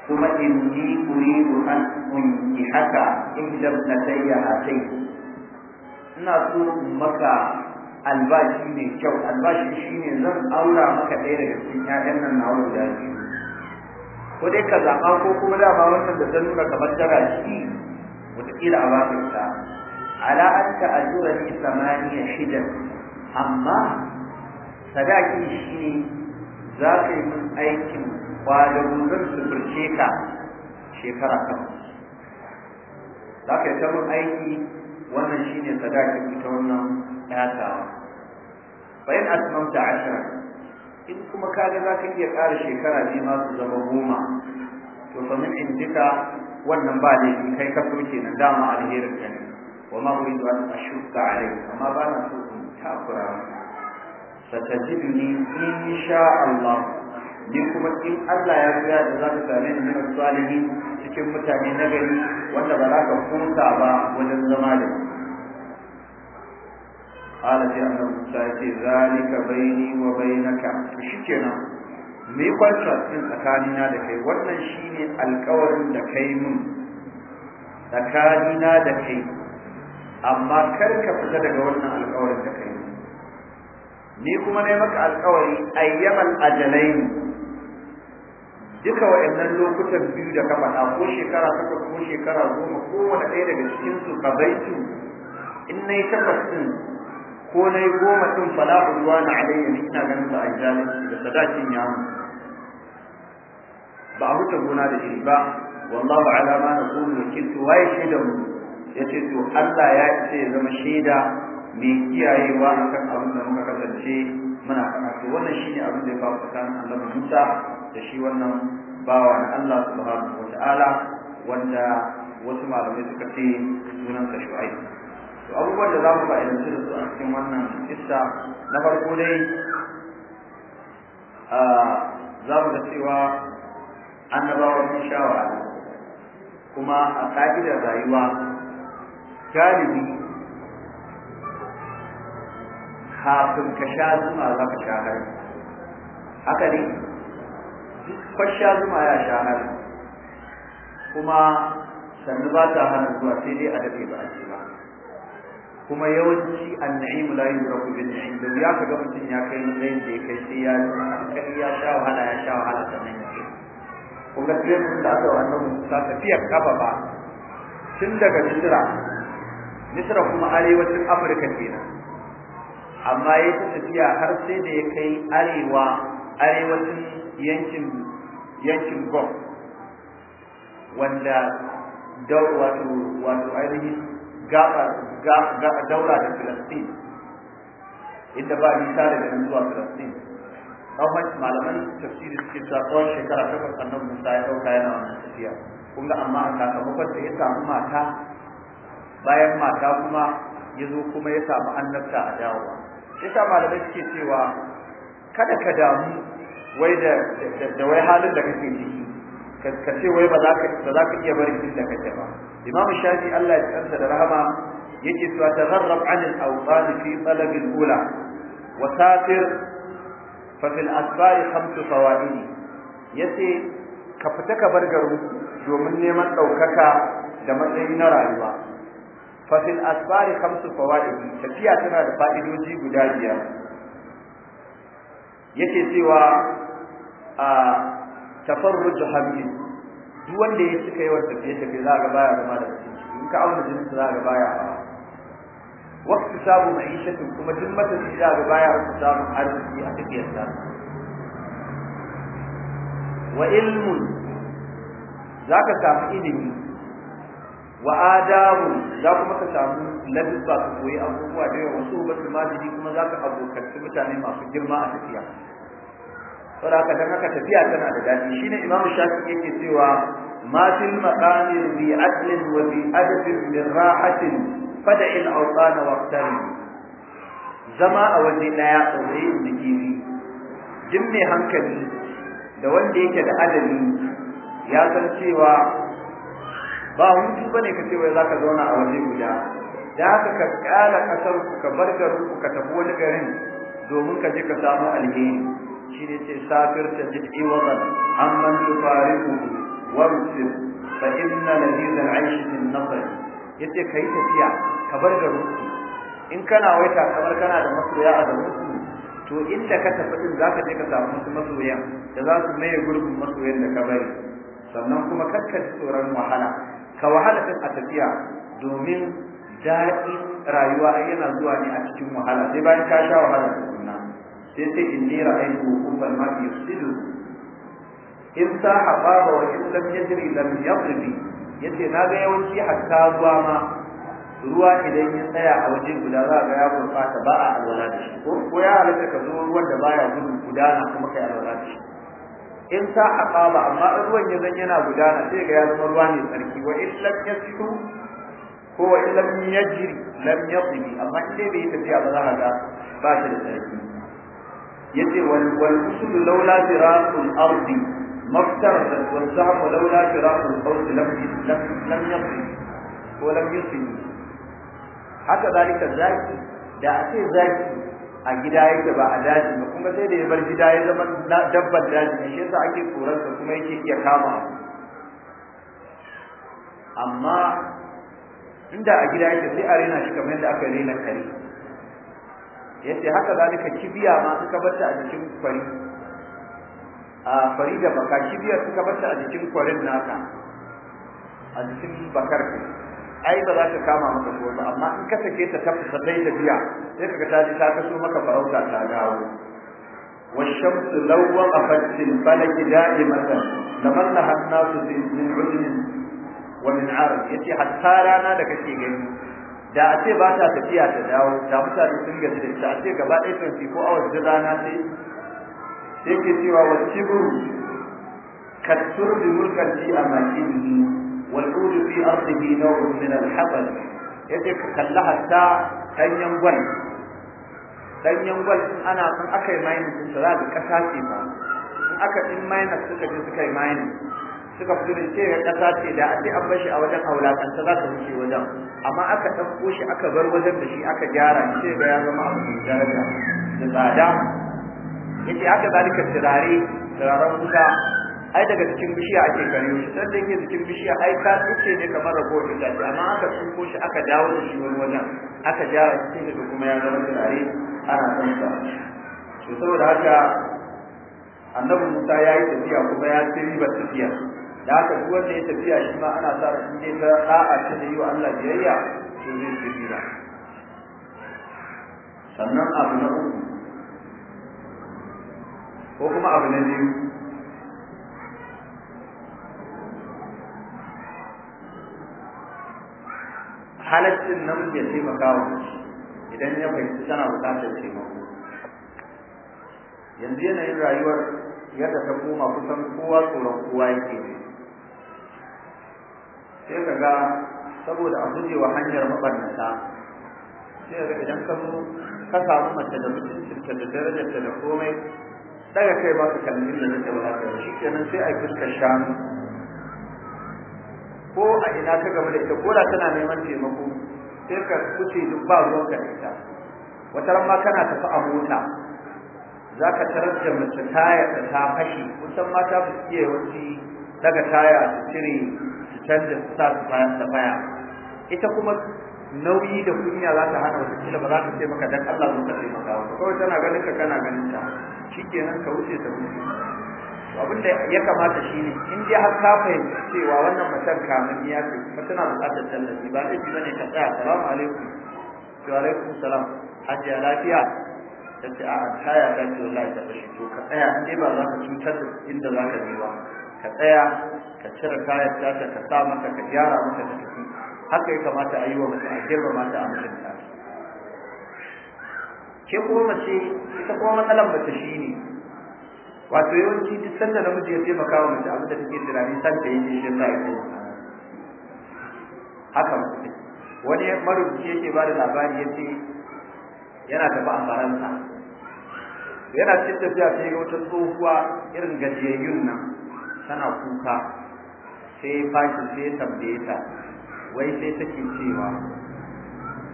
[SPEAKER 2] ثم إني أريد أن أنجحك إحدى ابنتي هاتين نصر مكة albashi من kyau albashi shine zan aura maka ɗaya daga cikin ƴaƴan nan na guda biyu. ko dai ka zaɓa ko kuma da wannan da zan nuna kamar tara shi wataƙila a ala an ta'ajjura ni samaniya shidan amma sadaki shine za ka yi min aikin kwadago zan suturce za ka yi ta min aiki wannan shine sadakin ita wannan ɗatawa bayan asmamta ashirin in kuma kaga za ka iya ƙara shekara biyu ma zama goma to in min indika wannan ba laifi kai ka so kenan dama alherin ka ne وما أريد أن أشك عليه وما بان سوء تأكرا ستجدني إن شاء الله لكم إن الله يرجع جزاك سامين من الصالحين cikin mutane na gari wanda ba za ka kusa ba wajen zama da su. Ala ce annabi Musa ya me tsakanina da kai wannan shine alƙawarin da kai mun tsakanina da kai amma kar ka fita daga wannan alƙawarin da kai ni kuma ne maka alƙawari ayyamal ajalaini duka wa'annan lokutan biyu da ka faɗa ko shekara takwas ko shekara goma ko wani ɗaya daga cikin su ka baitu in nayi takwas din ko yi goma din fala udwana na ni ina ganin ba a da sadakin ya ba a huta gona da shi ba wallahu ala ma naqulu wakiltu wa mu. ya to Allah ya ce ya zama shaida mai kiyayewa a kan abin da muka kasance muna kana to wannan shine abin da ya faru tsakanin Allah Musa da shi wannan bawa na Allah subhanahu ta'ala wanda wasu malamai suka ce sunan ka shu'ai to abubuwan da za mu da su a cikin wannan kissa na farko dai za mu ga cewa annabawa sun sha kuma a ƙa'idar rayuwa galibi kafin ka sha zuma za ka sha hari haka ne kwasha zuma ya sha hari kuma sannu ba ta hana zuwa sai dai a dafe ba a ce ba kuma yawanci anna'imu la yuraku bin na'im da ya kaga mutum ya kai ni da ya kai sai ya kai ya sha wahala ya sha wahala sannan ya ce kuma sai mun da aka wannan mun ta tafiya kafa ba tun daga Misira misra kuma arewacin afirka kenan amma ya ta tafiya har sai da ya kai arewa arewacin yankin yankin gom wanda wato wato ainihin gaba gaba daura da filastin inda ba nisa da zuwa filastin kawai malaman tafsiri suke cewa tsawon shekara takwas annabi musa ya dauka yana wannan tafiya kuma amma a sakamakon da ya samu mata bayan mata kuma ya zo kuma ya samu annabta a dawowa yasa malamai suke cewa kada ka damu wai da da wai halin da kake ciki ka ce wai ba za ka ba za ka iya barin inda kake ba imamu shafi Allah ya tsanta da rahama yake cewa tagharrab an al-awtan fi talab al-ula wa satir fa fil asfar khamsu fawaidi yace ka fita ka bar garu domin neman daukaka da matsayi na rayuwa fasil asfari khamsu fawaid tafiya tana da fa'idoji guda biyar yake cewa a tafarruj hamdi duk wanda ya cika yawan tafiye tafiye za ga baya zama da cikin in ka auna jinin za ga baya wakti sabu ma'ishatu kuma duk matafi za ga baya samun arziki a sa wa ilmun zaka samu ilimi wa adabu za kuma ka samu ladabba ka koyi abubuwa da yawa wasu batul majidi kuma za ka abokanci mutane masu girma a tafiya saboda haka dan haka tafiya tana da daɗi shine imam shafi yake cewa ma fil maqami bi adlin wa bi adabin min rahatin zama a waje daya tsaye da kifi hankali da wanda yake da adali ya san cewa ba hutu bane ka ce wai zaka zauna a waje guda da haka ka kala kasar ku ka bar garin ku ka tafi wani garin domin ka je ka samu alheri shi ne ce safir ta jid'i wadan amman tufariqu warsil fa inna ladiza aishi min nafar yace kai tafiya ka bar garin ku in kana waita kamar kana da masoya a garin ku to inda ka tafi din zaka je ka samu masoya da za su maye gurbin masoyan da ka bari sannan kuma kakkace tsoron wahala ka wahala din a tafiya domin daɗin rayuwa yana zuwa ne a cikin wahala sai bayan ka sha wahala tukunna sai sai inni ra'aytu kubbal ma yusidu in sa hababa wa in lam yajri lam yaqdi yace na ga yawanci hatta zuwa ma ruwa idan ya tsaya a waje guda za ga ya gurfata ba a alwala da shi ko ya halatta ka zo ruwan da baya gudu gudana kuma kai alwala da shi in ta aqaba amma ruwan ya zan yana gudana sai ga ya zama ruwa ne tsarki wa in lam yasiru ko wa in lam yajri lam yatibi amma in dai bai tafiya ba za ka ga ba shi da tsarki yace wal wal usul laula firaqul ardi maftarasat wal zahmu laula firaqul qawli lam lam lam yatibi ko lam yatibi haka zalika zaki da ake zaki a gida yake ba a daji ba kuma sai da ya bar gida ya zama dabbar daji ne shi yasa ake tsoron sa kuma yake iya kama amma inda a gida yake sai a rena shi kamar yadda aka rena kare yace haka zalika kibiya ma suka bar ta a jikin kwari a kwari da baka kibiya suka bar ta a jikin kwarin naka a jikin bakar kai ai ba za ka kama maka ko ba amma in ka take ta ta fita da biya, sai kaga ta ji ta kaso maka farauta ta dawo والشمس لو وقفت في الفلك دائمة لملها الناس من عدن ومن عرض يتي حتى رانا da kake gani da a ce ba ta tafiya ta dawo da mutane sun gaji da ta a ce gaba ɗaya sun ko awa da rana sai sai ke cewa wasu buru kasur bi mulkar ji a maki والعود في أرضه نوع من الحبل يجب كلها الساعة أن ينقل dan yangwal in ana san aka yi mining din sa za ka kasa ce ba in aka din mining suka je suka yi mining suka fito ce ga kasa ce da sai an bar a wajen aulakan ta za ta wuce wajen amma aka dauko shi aka bar wajen da shi aka gyara shi ga ya zama abu da daraja da tsada ai daga cikin bishiya ake gariyo shi san da yake cikin bishiya ai ka tsuke ne kamar rago da tafi amma aka tuko shi aka dawo da shi wani wajen aka ja cikin da kuma ya zama turare ana san sa to saboda haka annabi Musa ya yi tafiya kuma ya tsiri ba tafiya da haka duk wanda ya tafiya shi ma ana sa shi ne ta a'a ce da yi wa Allah biyayya to zai da sannan abu na uku ko kuma abu na biyu halaccin nan ya taimaka wa idan ya fahimci tana bukatar taimako yanzu yanayin rayuwar yadda ta koma kusan kowa tsoron kowa yake sai ka ga saboda a wa hanyar mabarnata sai ga idan ka zo ka samu mace da mutuncinta da darajarta da komai daga kai ba ka kalmi da nan da ba ka shi kenan sai a fuskar shanu ko a ina ka gaba da ita ko da tana neman taimako sai ka kuce duk ba ruwan ka ita wata ran ma kana tafi a mota za ka tarar da mace taya da ta fashe kusan mata ta su iya daga taya su cire su canza su sa su bayan da baya ita kuma nauyi da kunya za ta hana wata ba za ta taimaka dan Allah zo taimaka ba kawai tana ganin ka kana ganin ta shikenan ka wuce ta wuce abin da ya kamata shi ne in dai har ka fahimci cewa wannan macen kamun ya ce kuma tana buƙatar tallafi ba laifi bane ka tsaya salamu alaikum to alaikum salam hajiya lafiya ta ce a'a taya ta ce wallahi ta bashi to ka tsaya in dai ba za ka cutar da inda za ka je ba ka tsaya ka cire kayan ta, ka sa maka ka gyara maka ta tafi haka ya kamata a yi wa mutum a girma ta a ta ke kuma mace ita kuma matsalar mace shi ne wato yawanci duk sanda namiji ya taimaka wa mace abin da take tunani san ta yi shi sai yi haka wani marubuci yake ba da labari ya ce yana tafi a Faransa yana cikin tafiya sai ga wata tsohuwa irin gajiyayyun nan tana kuka sai fashi sai ya tambaye ta wai sai take cewa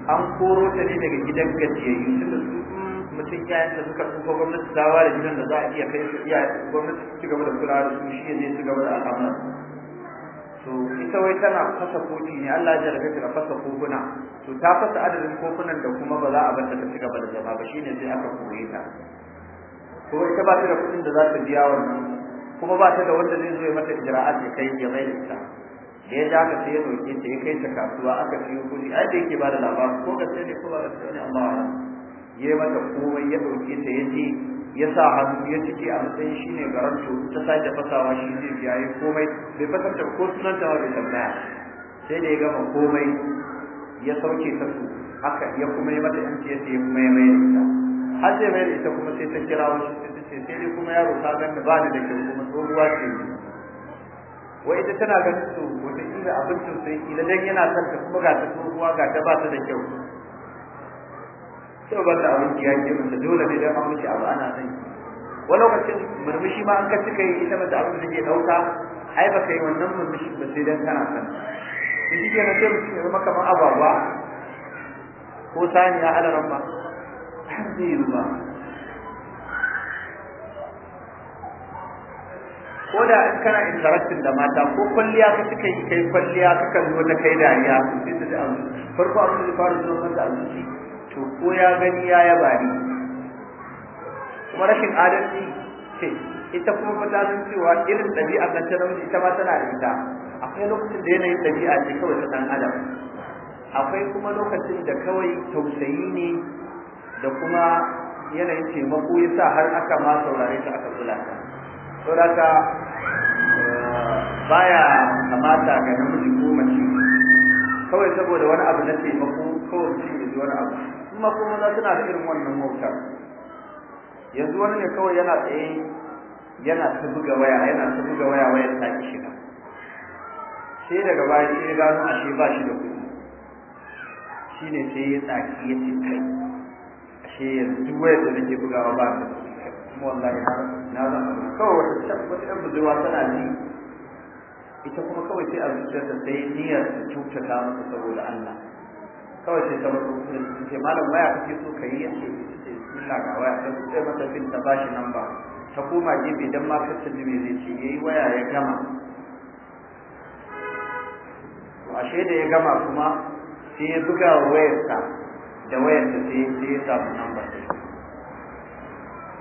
[SPEAKER 2] an koro ta ne daga gidan gajiyayyun tunda su mutum ya yi da suka tsufa gwamnati ta ware gidan da za a iya kai su iya gwamnati su ci gaba da kula da su shi ne zai su gaba da al'amuran to ita wai tana fasa koki ne Allah ya rabe ta fasa kofuna to ta fasa adadin kofunan da kuma ba za a bar ta ta ci gaba da zama ba shine sai aka koye ta to ita ba ta da kuɗin da za ta biya wannan kuma ba ta da wanda zai zo ya mata ijra'at ya kai ya mai da da ya ja ka sai ya roke ta ya kai ta kasuwa aka siyo kudi ai da yake ba da labarin ko gaske ne ko ba gaske ne Allah ya ya mata komai ya ɗauke ta ya ce ya sa hannu ya cike a matsayin shi ne to ta sake fasawa shi ne biya ya komai bai fasanta ko sunan ta bai tambaya sai da ya gama komai ya sauke ta su haka ya kuma yi mata yanci ya kuma mai mai ita har sai mai ita kuma sai ta kira wasu sai ta ce sai dai kuma yaro ta gani ba ni da kyau kuma tsohuwa ce wai ita tana ganin su wata kila abincin sai kila dan yana son ta kuma ga ta tsohuwa ga ta ba ta da kyau sai ba ta abinci ya ke mata dole ne dan amince abu ana son wani lokacin murmushi ma an ka kai yi ita mata abin da ke dauka ai ba kai wannan murmushi ba sai dan kana son to shi na sai mutum ya zama kamar ababa ko ya ala rabba har zai yi ba ko da in kana interaction da mata ko kwalliya ka suka yi kai kwalliya ka kan zo na kai dariya sun fi da abin farko abin da fara zuwa da abin to ko ya gani ya yaba ne kuma rashin adalci ce ita kuma ba ta san cewa irin ɗabi'a kan ta namiji ita ma tana da ita akwai lokacin da yanayin ɗabi'a ce kawai ta ɗan adam akwai kuma lokacin da kawai tausayi ne da kuma yanayin taimako ya sa har aka ma saurare ta aka kula ta eh, baya kamata ga namiji ko mace kawai saboda wani abu na taimako kawai mutum wani abu Kuma kuma maza suna da irin wannan mota yanzu wani ne kawai yana tsaye yana ta buga waya yana ta buga waya ta ki shiga sai daga baya sai ya gano ashe ba shi da kuɗi ne sai ya tsaki ya ce kai ashe yanzu wayar da nake bugawa ba ta kuma wallahi na na zan kawai wata tabbata ɗan budurwa tana ji ita kuma kawai sai a zuciyarta sai niyyar ta kyautata masa saboda Allah kawai sai ta mutu ce malam waya kake so ka yi a ce bismillah ga waya ta sai mata fin ta bashi namba ta koma gefe dan ma fasta ji me zai ce yayi waya ya gama to ashe da ya gama kuma sai ya buga wayarsa da wayarsa sai sai ya samu namba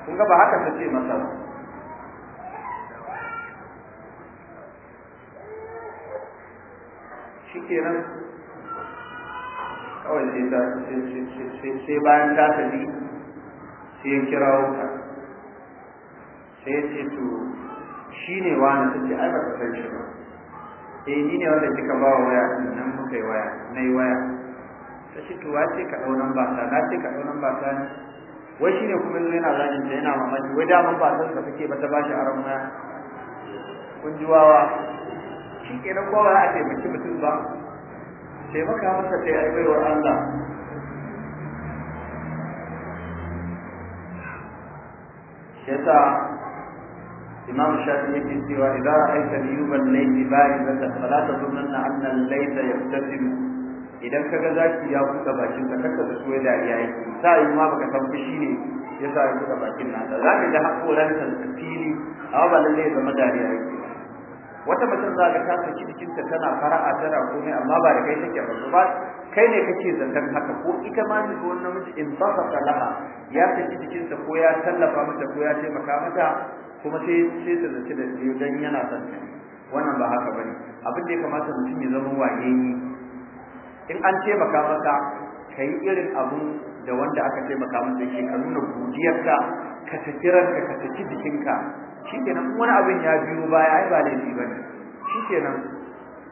[SPEAKER 2] kun ga ba haka ta ce masa ba nan kawai sai bayan ta tafi sai ya kirawo ka sai ya ce to shi ne wani ta ce ai ba ka san shi ba eh ni ne wanda kika ba waya nan muka yi waya na yi waya ta ce to wace ka ɗau nan ba ta na ce ka ɗau nan ba ta ne wai shi ne kuma yanzu yana zagin ta yana mamaki wai daman ba san ka ba ta ba shi aron waya kun ji wawa shi kenan kowa ya taimaki mutum ba taimaka masa ta yi baiwar Allah yasa imam shafi yake cewa idan ra'aita liyuban laifi bayan zaka fala ta na annan zunanna annal laita yabtasimu idan ka kaga zaki ya buɗe bakin ka kaka da suwai da soyayya dariya sa yi ma baka san fushi ne ya sa ya buɗe bakin nasa zaka ga hakoran ta fili amma ba lalle ya zama dariya yi wata mutum za ka ta saki jikinta tana fara'a tana komai amma ba da kai take ba ba kai ne kake zantan haka ko ita ma ne wannan namiji in ba ka laha ya saki jikinta ko ya tallafa mata ko ya taimaka mata kuma sai sai ta zaci da biyu dan yana son wannan ba haka bane abin da ya kamata mutum ya zama waye ni in an taimaka maka kai irin abun da wanda aka taimaka mata yake ka nuna godiyarka ka tafi ranka ka tafi ka. shikenan wani abin ya biyo baya ai ba laifi bane shikenan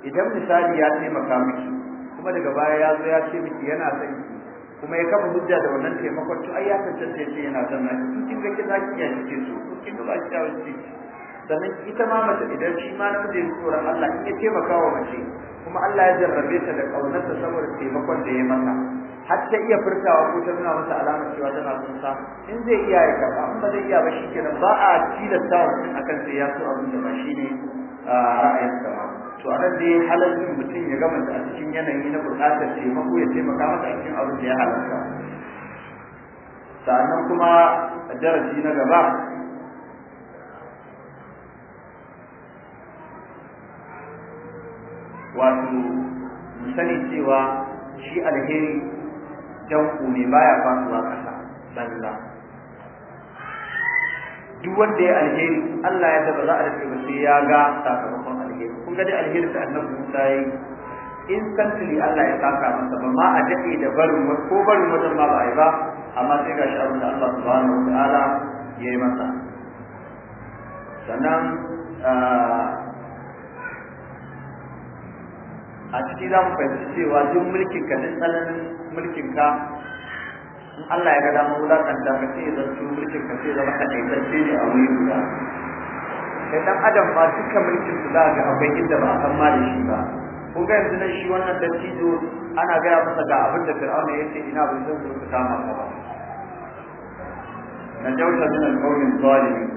[SPEAKER 2] idan misali ya taimaka miki kuma daga baya ya zo ya ce miki yana sai ki kuma ya kafa hujja da wannan taimakon to ai ya tantance ce yana son na kin kin ga kin zaki iya ce su kin ga zaki iya ce sannan ita ma mace idan shi ma namiji ya tsoron Allah in ya taimaka wa mace kuma Allah ya jarrabe ta da kaunarsa saboda taimakon da ya maka. har ta iya furtawa ko ta nuna masa alamar cewa tana kunsa in zai iya ya karba amma zai iya ba shikenan ba a tilasta wa mutum akan sai ya so abin da ba shine sa ba to a nan dai halalin mutum ya gama a cikin yanayi na buƙatar taimako ya taimaka masa a cikin abin da ya halarta sannan kuma a darasi na gaba wato mu sani cewa shi alheri danko ne baya faduwa kasa banza duk wanda ya alheri Allah ya da ba za a rike ba sai ya ga sakamakon alheri kun ga da alheri da annabi Musa yi instantly Allah ya saka masa ba ma a dade da barin ko barin wajen ma ba ai ba amma sai ga shi da Allah subhanahu wa ta'ala yayi masa sannan ah, a ciki za mu fahimci cewa duk mulkin ka duk tsananin mulkin ka in Allah ya ga dama da ka ce zan su mulkin ka sai zama ce ne a wuri guda Sai dan adam ba duka mulkin su za ga akwai inda ba a san ma shi ba ko ga yanzu nan shi wannan dattijo ana gaya masa ga abin da fir'auna ya ce ina bai zan zo ka kama ka ba na jauta min alƙawmin zalimi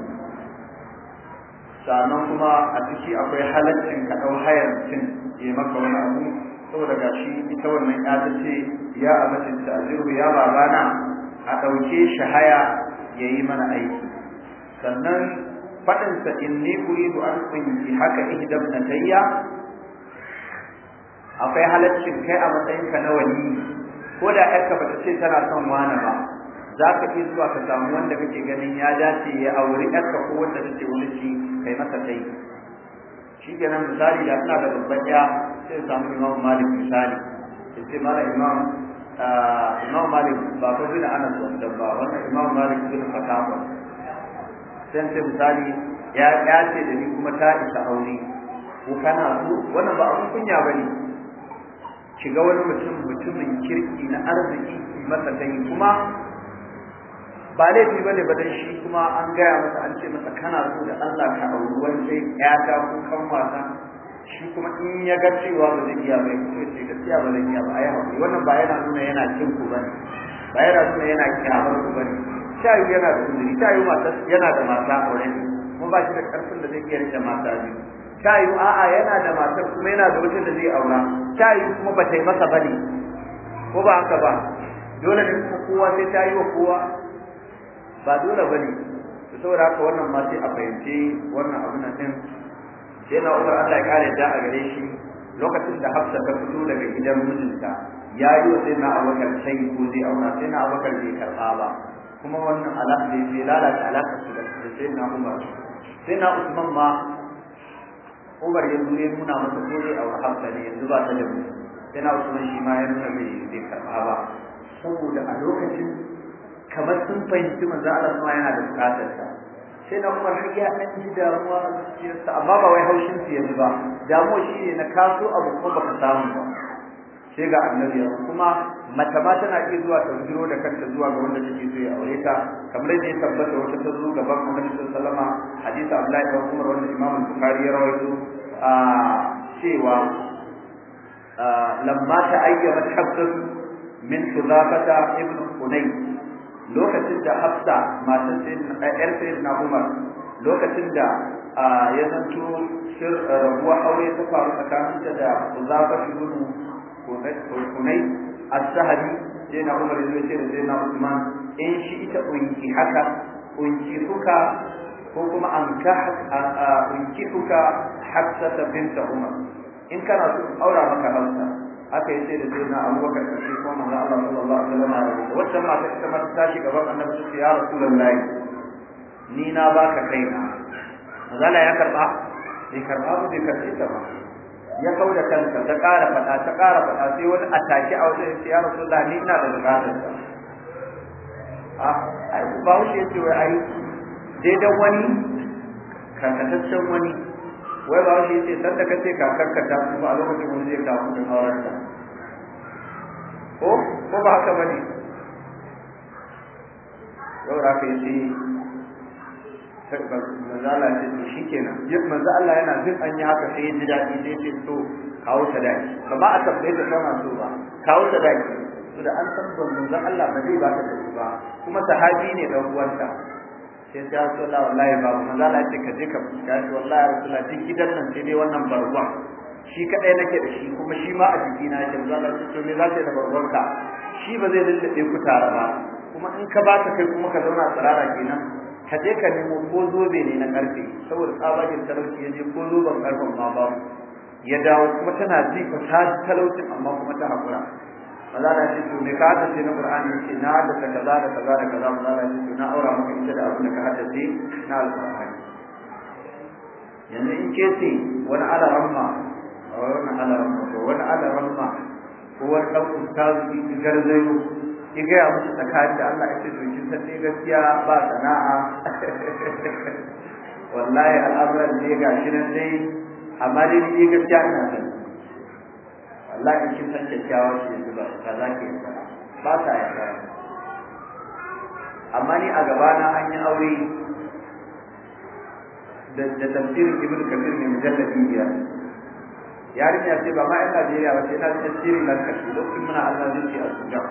[SPEAKER 2] sannan kuma a ciki akwai halaccin ka ɗau hayar mutum ya maka wani abu saboda ga ita wannan ya ta ce ya abacin ta ajiru ya babana a ɗauke shi haya ya yi mana aiki sannan faɗinsa in ne uridu an kunki haka ihdam na tayya akwai halaccin kai a ka na wani ko da yarka bata ce tana son wani ba za ka iya zuwa ka samu wanda kake ganin ya dace ya auri yarka ko wanda take wani kai masa sai shi kenan misali da ina da babban ya sai samu imam malik misali sai mala imam imam malik ba ko ana so da ba wannan imam malik bin fatawa sai sai misali ya ya ce da ni kuma ta isa aure ko kana so wannan ba abun kunya bane shiga wani mutum mutumin kirki na arziki masa kai kuma ba laifi ba ne ba dan shi kuma an gaya masa an ce masa kana so da Allah ka auri wani sai ƴata ku kan mata shi kuma in ya ga cewa ba zai iya bai sai ce gaskiya ba zai iya ba ai hakuri wannan ba yana nuna yana cin ku bane ba yana nuna yana kyamar ku bane shayu yana da uzuri shayu mata yana da mata aure kuma ba shi da karfin da zai iya rike mata biyu shayu a'a yana da mata kuma yana da wutar da zai aura shayu kuma ba ta yi masa bane ko ba haka ba dole ne kowa sai ta yi wa kowa ba dole bane to saboda haka wannan ma sai a fahimci wannan abin na din sai na Umar Allah ya kare da a gare shi lokacin da Hafsa ta fito daga gidan mijinta ya yi wa sai na Abubakar sai ko zai auna sai na Abubakar bai karba ba kuma wannan alaƙa da ya lalata alaƙa su da sai na Umar sai na Usman ma Umar ya zure nuna masa ko zai aure Hafsa ne yanzu ba ta da mu sai na Usman shi ma ya nuna bai karba ba saboda a lokacin kamar sun fahimci manzo Allah kuma yana da bukatar sa sai na Umar har ya dan ji damuwa a sa amma ba wai haushin sa yanzu ba damuwa shi ne na kaso abu kuma baka samu ba sai ga annabi kuma mata ma tana iya zuwa ta bujiro da kanta zuwa ga wanda take so ya aure ta kamar yadda ya tabbata wata ta zo gaban Annabi sallallahu alaihi wasallam hadisi Abdullahi ibn Umar wanda Imam Bukhari ya rawaito a cewa لما تأيّمت ayyama من min ابن ibn lokacin da hafsa ɗayar eh, yar na umar lokacin da ya zanto shir eh, rabuwa aure ta faru tsakaninta da zafa ibnu kunai a sahari sai na umar ya ce da sai na usman in shi ita unki haka unki suka ko kuma an ka unki suka hafsa binta umar in kana so aura maka hafsa haka sai da sayyidina Abubakar da shi kuma manzo Allah sallallahu alaihi wasallam da wata mata ita ma ta shi gaban annabi sai ya rasulullahi ni na baka kaina manzo ya karba bai karba ba bai karba ita ba ya kauda kansa ta ƙara fada ta ƙara fada sai wani ataki a wajen ya rasulullahi ni ina da bukatar sa a ai ba wuce yace wai ai daidan wani karkataccen wani wai ba shi ce san da kace kakarka ta kuma a lokacin wani zai kawo kudin auren ta ko ko ba haka bane yau da aka yi manzo ce to shikenan yin manzo Allah yana jin an yi haka sai ya ji daɗi sai ce to kawo sadaki ba ba a tabbai ta sama so ba kawo sadaki to da an san manzo Allah ba zai ba ta da ba kuma sahabi ne dan uwanta sai sai Rasulullah wallahi ba mun zala ce ka je ka fuska shi wallahi Rasulullah duk gidan nan sai dai wannan bargon shi kadai nake da shi kuma shi ma a jiki na yake zala ce to me za ta yi da ka shi ba zai lullube ku kutara ba kuma in ka ba ta kai kuma ka zauna tsirara kenan ka je ka nemo ko zobe ne na karfe saboda tsabagen talauci ya je ko zoben karfen ma ba ya dawo kuma tana ji ta talaucin amma kuma ta hakura maza na ce to me ka haddace na qur'ani ce na haddace kaza da kaza da kaza maza na ce to na aura maka ita da abin da ka haddace na alqur'ani yanzu in ke ce wani alaramma wani alaramma ko wani alaramma ko wani dan ustazu ki garzayo ki gaya musu tsakanin da Allah ya ce to kin san gaskiya ba sana'a wallahi al'amuran ne gashi nan dai amma dai ni gaskiya ina sani lakin kin san kyakkyawa shi yanzu ba ka za ki ba ta yarda amma ni a gabana an yi aure da da tafsirin ibn kabir ne mujalladi biyar yarinya ce ba ma yan najeriya ba ce ta ji tafsirin na kashi lokacin muna allah zai ce a sudan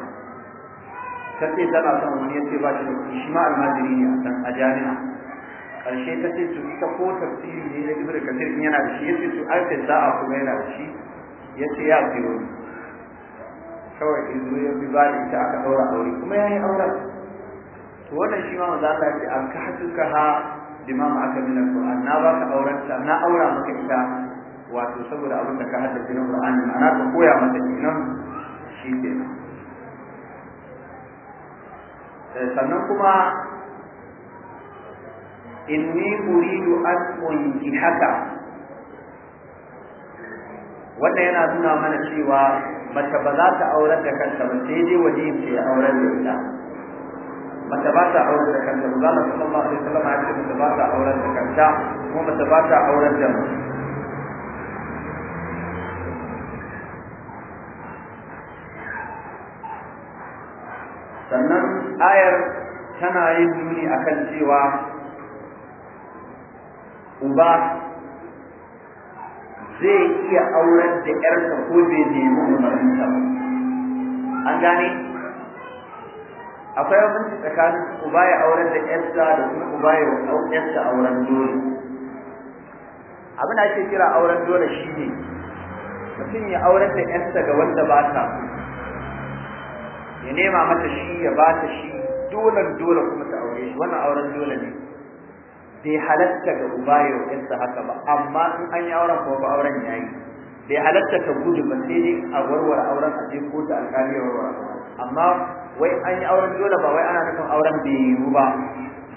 [SPEAKER 2] ta ce tana son wani ya ce ba shi da shi ma almajiri ne a can a jami'a ƙarshe ta ce su ita ko tafsiri ne na ibn kabir yana da shi ya ce to ai za a kuma yana da shi ya ce ya kawai izu ya fi ba da ita aka ɗaura aure kuma ya yi aure. to wannan shi ma wanda Allah ce an ka hatuka ha limama aka min alquran na ba ka auren ta na aura maka ita wato saboda abin da ka haddace na qur'ani ma'ana ka koya mata kenan shi kenan eh, sannan kuma inni uridu an unkihaka wannan yana nuna mana cewa mace ba za ta aurar da kanta ba sai dai waje ce ya aurar da ita mace ba ta aurar da kanta ba za mu sallallahu alaihi wasallam ya ce mace ba ta aurar da kanta kuma mace ba ta aurar da mu sannan ayar tana yin nuni akan cewa uba zai iya aurar da ƴarsa ko zai nemi umarninsa ba an gane akwai abinci tsakanin uba ya aurar da ƴarsa da kuma uba ya ƴarsa auren dole abin da ake kira auren dole shi ne, mutum ya aurar da ƴarsa ga wanda ba ta ya nema mata shi ya ba ta shi dole dole kuma ta aure shi wannan auren dole ne bai halatta ga uba ya roƙinsa haka ba amma in an yi auren kuma ba auren ya yi bai halatta ta gudu ba sai dai a warware auren a ko ta alƙali ya warware amma wai an yi auren dole ba wai ana nufin auren bai yiwu ba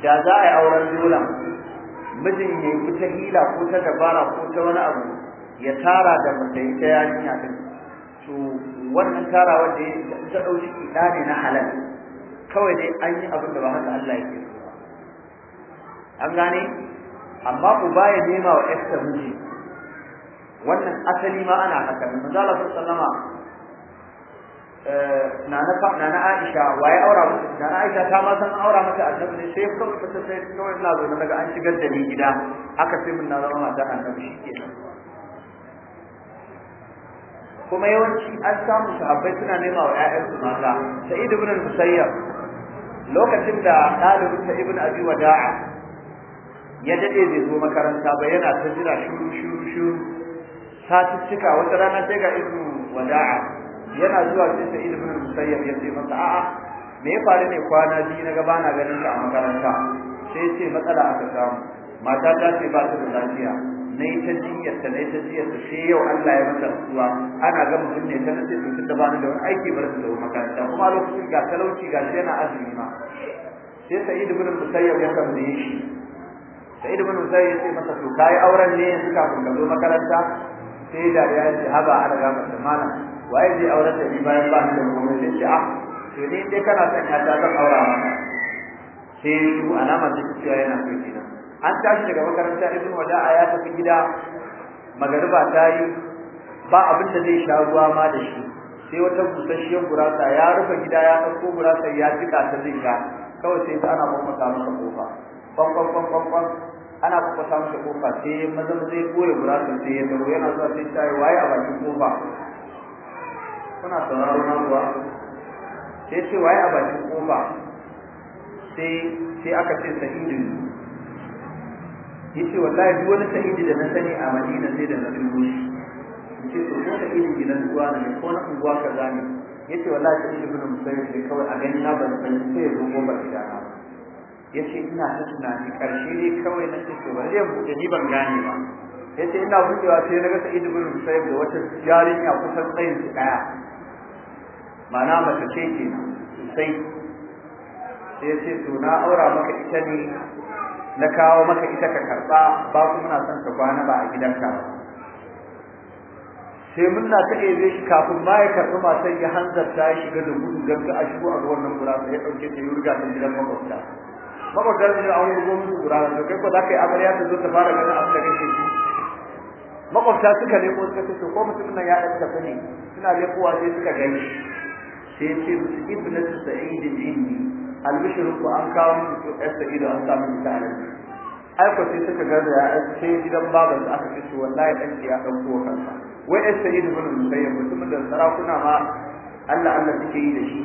[SPEAKER 2] da za a yi auren dole mijin ya yi ta hila ko ta dabara ko ta wani abu ya tara da mace ta yarinya din to wannan tarawar da ta ɗau ciki ɗa ne na halal kawai dai an yi abin da ba haka Allah yake an gane amma uba ya nema wa ƴarsa miji wannan asali ma ana haka manzo Allah sallama na na Aisha waye aura musu na Aisha ta ma san aura mata annabi ne sai kuma ta sai kawai Allah zo daga an shigar da ni gida haka sai mun na mata annabi shikenan kuma yawanci an samu sahabbai suna nema wa ƴaƴansu mata Sa'id ibn al-Musayyab lokacin da dalibin ta ibn Abi Wada'a ya dade zai zo makaranta ba yana ta jira shuru shuru shuru satuttuka wata rana sai ga ibnu wada'a yana zuwa sai sai ibnu musayyab ya ce masa a'a me ya faru ne kwana biyu na gaba na ganin ka a makaranta sai ce matsala aka samu mata ta ce ba ta da lafiya na ta jiyar ta na ta jiyar ta sai yau Allah ya mata suwa ana ga mutum ne ta nace to tunda da bani da wani aiki bar ta zuwa makaranta kuma lokacin ga talauci ga shi yana azumi ma sai Sa'id ibn Musayyab ya tambaye shi sai da mun sai masa to kai auren ne suka kafin zo makaranta sai da ya ce haba an ga masa malam waye zai auren da bayan ba da komai sai ce ah to ne dai kana son ya ta zan aura ma sai ku alama ce cewa yana so kenan an tashi daga makaranta ibn wada'a ya tafi gida magariba ta yi ba abin da zai sha ruwa ma da shi sai wata busasshiyar gurasa ya rufe gida ya ɗauko gurasa ya jika ta zai sha kawai sai ta ana mamaka masa kofa kwankwan kwankwan ana kwakwata masa kofa sai maza maza zai kore burasun sai ya taro yana zuwa sai ta yi waye a bakin kofa kuna sauraro na kuwa sai ce waye a bakin kofa sai sai aka ce sa'idin yace wallahi duk wani sa'idi da na sani a Madina sai da na dubo shi yace to ko da irin na zuwa ne ko na unguwa kaza ne yace wallahi sai ibnu musayyib kawai a gani na ban san sai ya zo gobar gidana ba ya ce ina ta tunani ƙarshe ne kawai na ce ba zai buɗe ni ban gane ba ya ce ina buɗewa sai na ga sa'id bin sai da wata yarinya kusan tsayin su ɗaya ma'ana mace ce kenan sosai sai ya ce to na aura maka ita ne na kawo maka ita ka karɓa ba kuma na son ka kwana ba a gidanka ba sai munna ta ebe shi kafin ma ya karɓi sai ya hanzarta ya shiga da gudu don a shigo a ruwan nan gurasa ya ɗauke ta yi wurga ta gidan makwabta makwabta su aure ya gomi musu gura da kai ko za ka yi amarya ta zo ta fara gani a cikin shi makwabta suka leko suka ce to ko mutum nan ya ɗan ne suna kowa sai suka gani sai ce musu ibnatu sa'idin inni albishirin ko an kawo musu to ɗan sa'idu an samu mutane ai ko sai suka ga ya ce gidan baban da aka ce wallahi ɗan ya ɗan kowa kansa wai ɗan sa'idu bin musayyab mutum da sarakuna ma Allah Allah kike yi da shi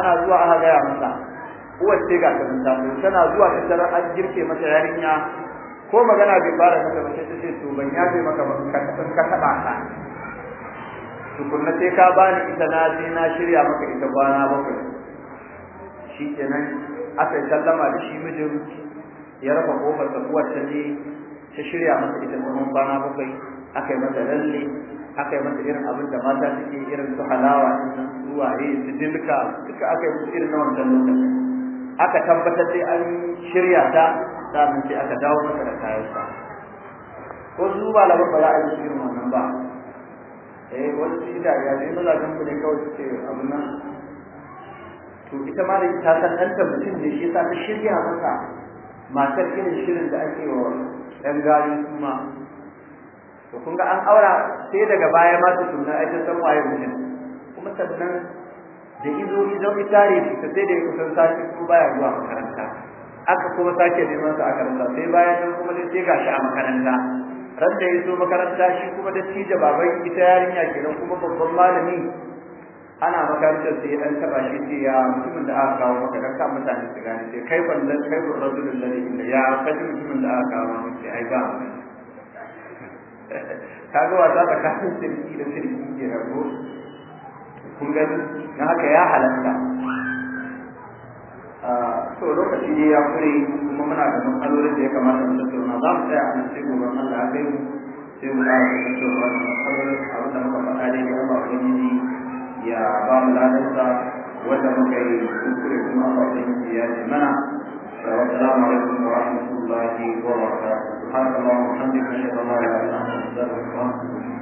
[SPEAKER 2] ana zuwa aka ya musa uwar ce ga kan ta tana zuwa ta tarar an girke mata yarinya ko magana bai fara mata mace ta ce to ban yafe maka ba ka san ka taba ka tukunna sai ka bani ita na je na shirya maka ita kwana bakwai kenan aka sallama da shi mijin ya rafa kofar da uwar ta je ta shirya masa ita tsawon kwana bakwai aka yi mata lalle aka yi mata irin abin da mata suke irin su halawa su ruwaye su dilka duka aka yi musu irin na wancan lokacin aka tabbatar sai an shirya ta sannan sai aka dawo masa da kayansa ko su labar ba za a yi shirin wannan ba eh wani shi da ya ne mala kan ne kawai suke abin nan to ita ma da ta san ɗanta mutum ne shi yasa ta shirya masa matar irin shirin da ake wa ɗan gari kuma to kun ga an aura sai daga baya ma su tuna ai ta san waye mutum kuma sannan da izo izo itare shi ta sai da kusan sai ko baya zuwa makaranta aka kuma sake neman sa aka rasa sai baya nan kuma sai ga shi a makaranta ran da ya zo makaranta shi kuma da tija baban ita yarinya kenan kuma babban malami ana makaranta sai dan taba shi sai ya mutumin da aka kawo maka dan kan mutane su gane sai kai ballan kai rajulul ladhi inda ya faɗi mutumin da aka kawo maka sai ai ba kaga wata tsakanin sirki da sirki ke rago kun gani na haka ya halatta to ah, lokaci ne ya kure kuma muna da matsalolin da ya kamata mu tattauna za mu tsaya a sai gobe Allah ya kai mu sai mu fara tattauna matsalolin abin da muka faɗa dai ga Allah ubangiji ya ba mu ladansa wanda muka yi kuma Allah ubangiji ya ji mana
[SPEAKER 3] والسلام عليكم ورحمة الله وبركاته سبحانك اللهم وبحمدك أشهد أن لا إله إلا أنت أستغفرك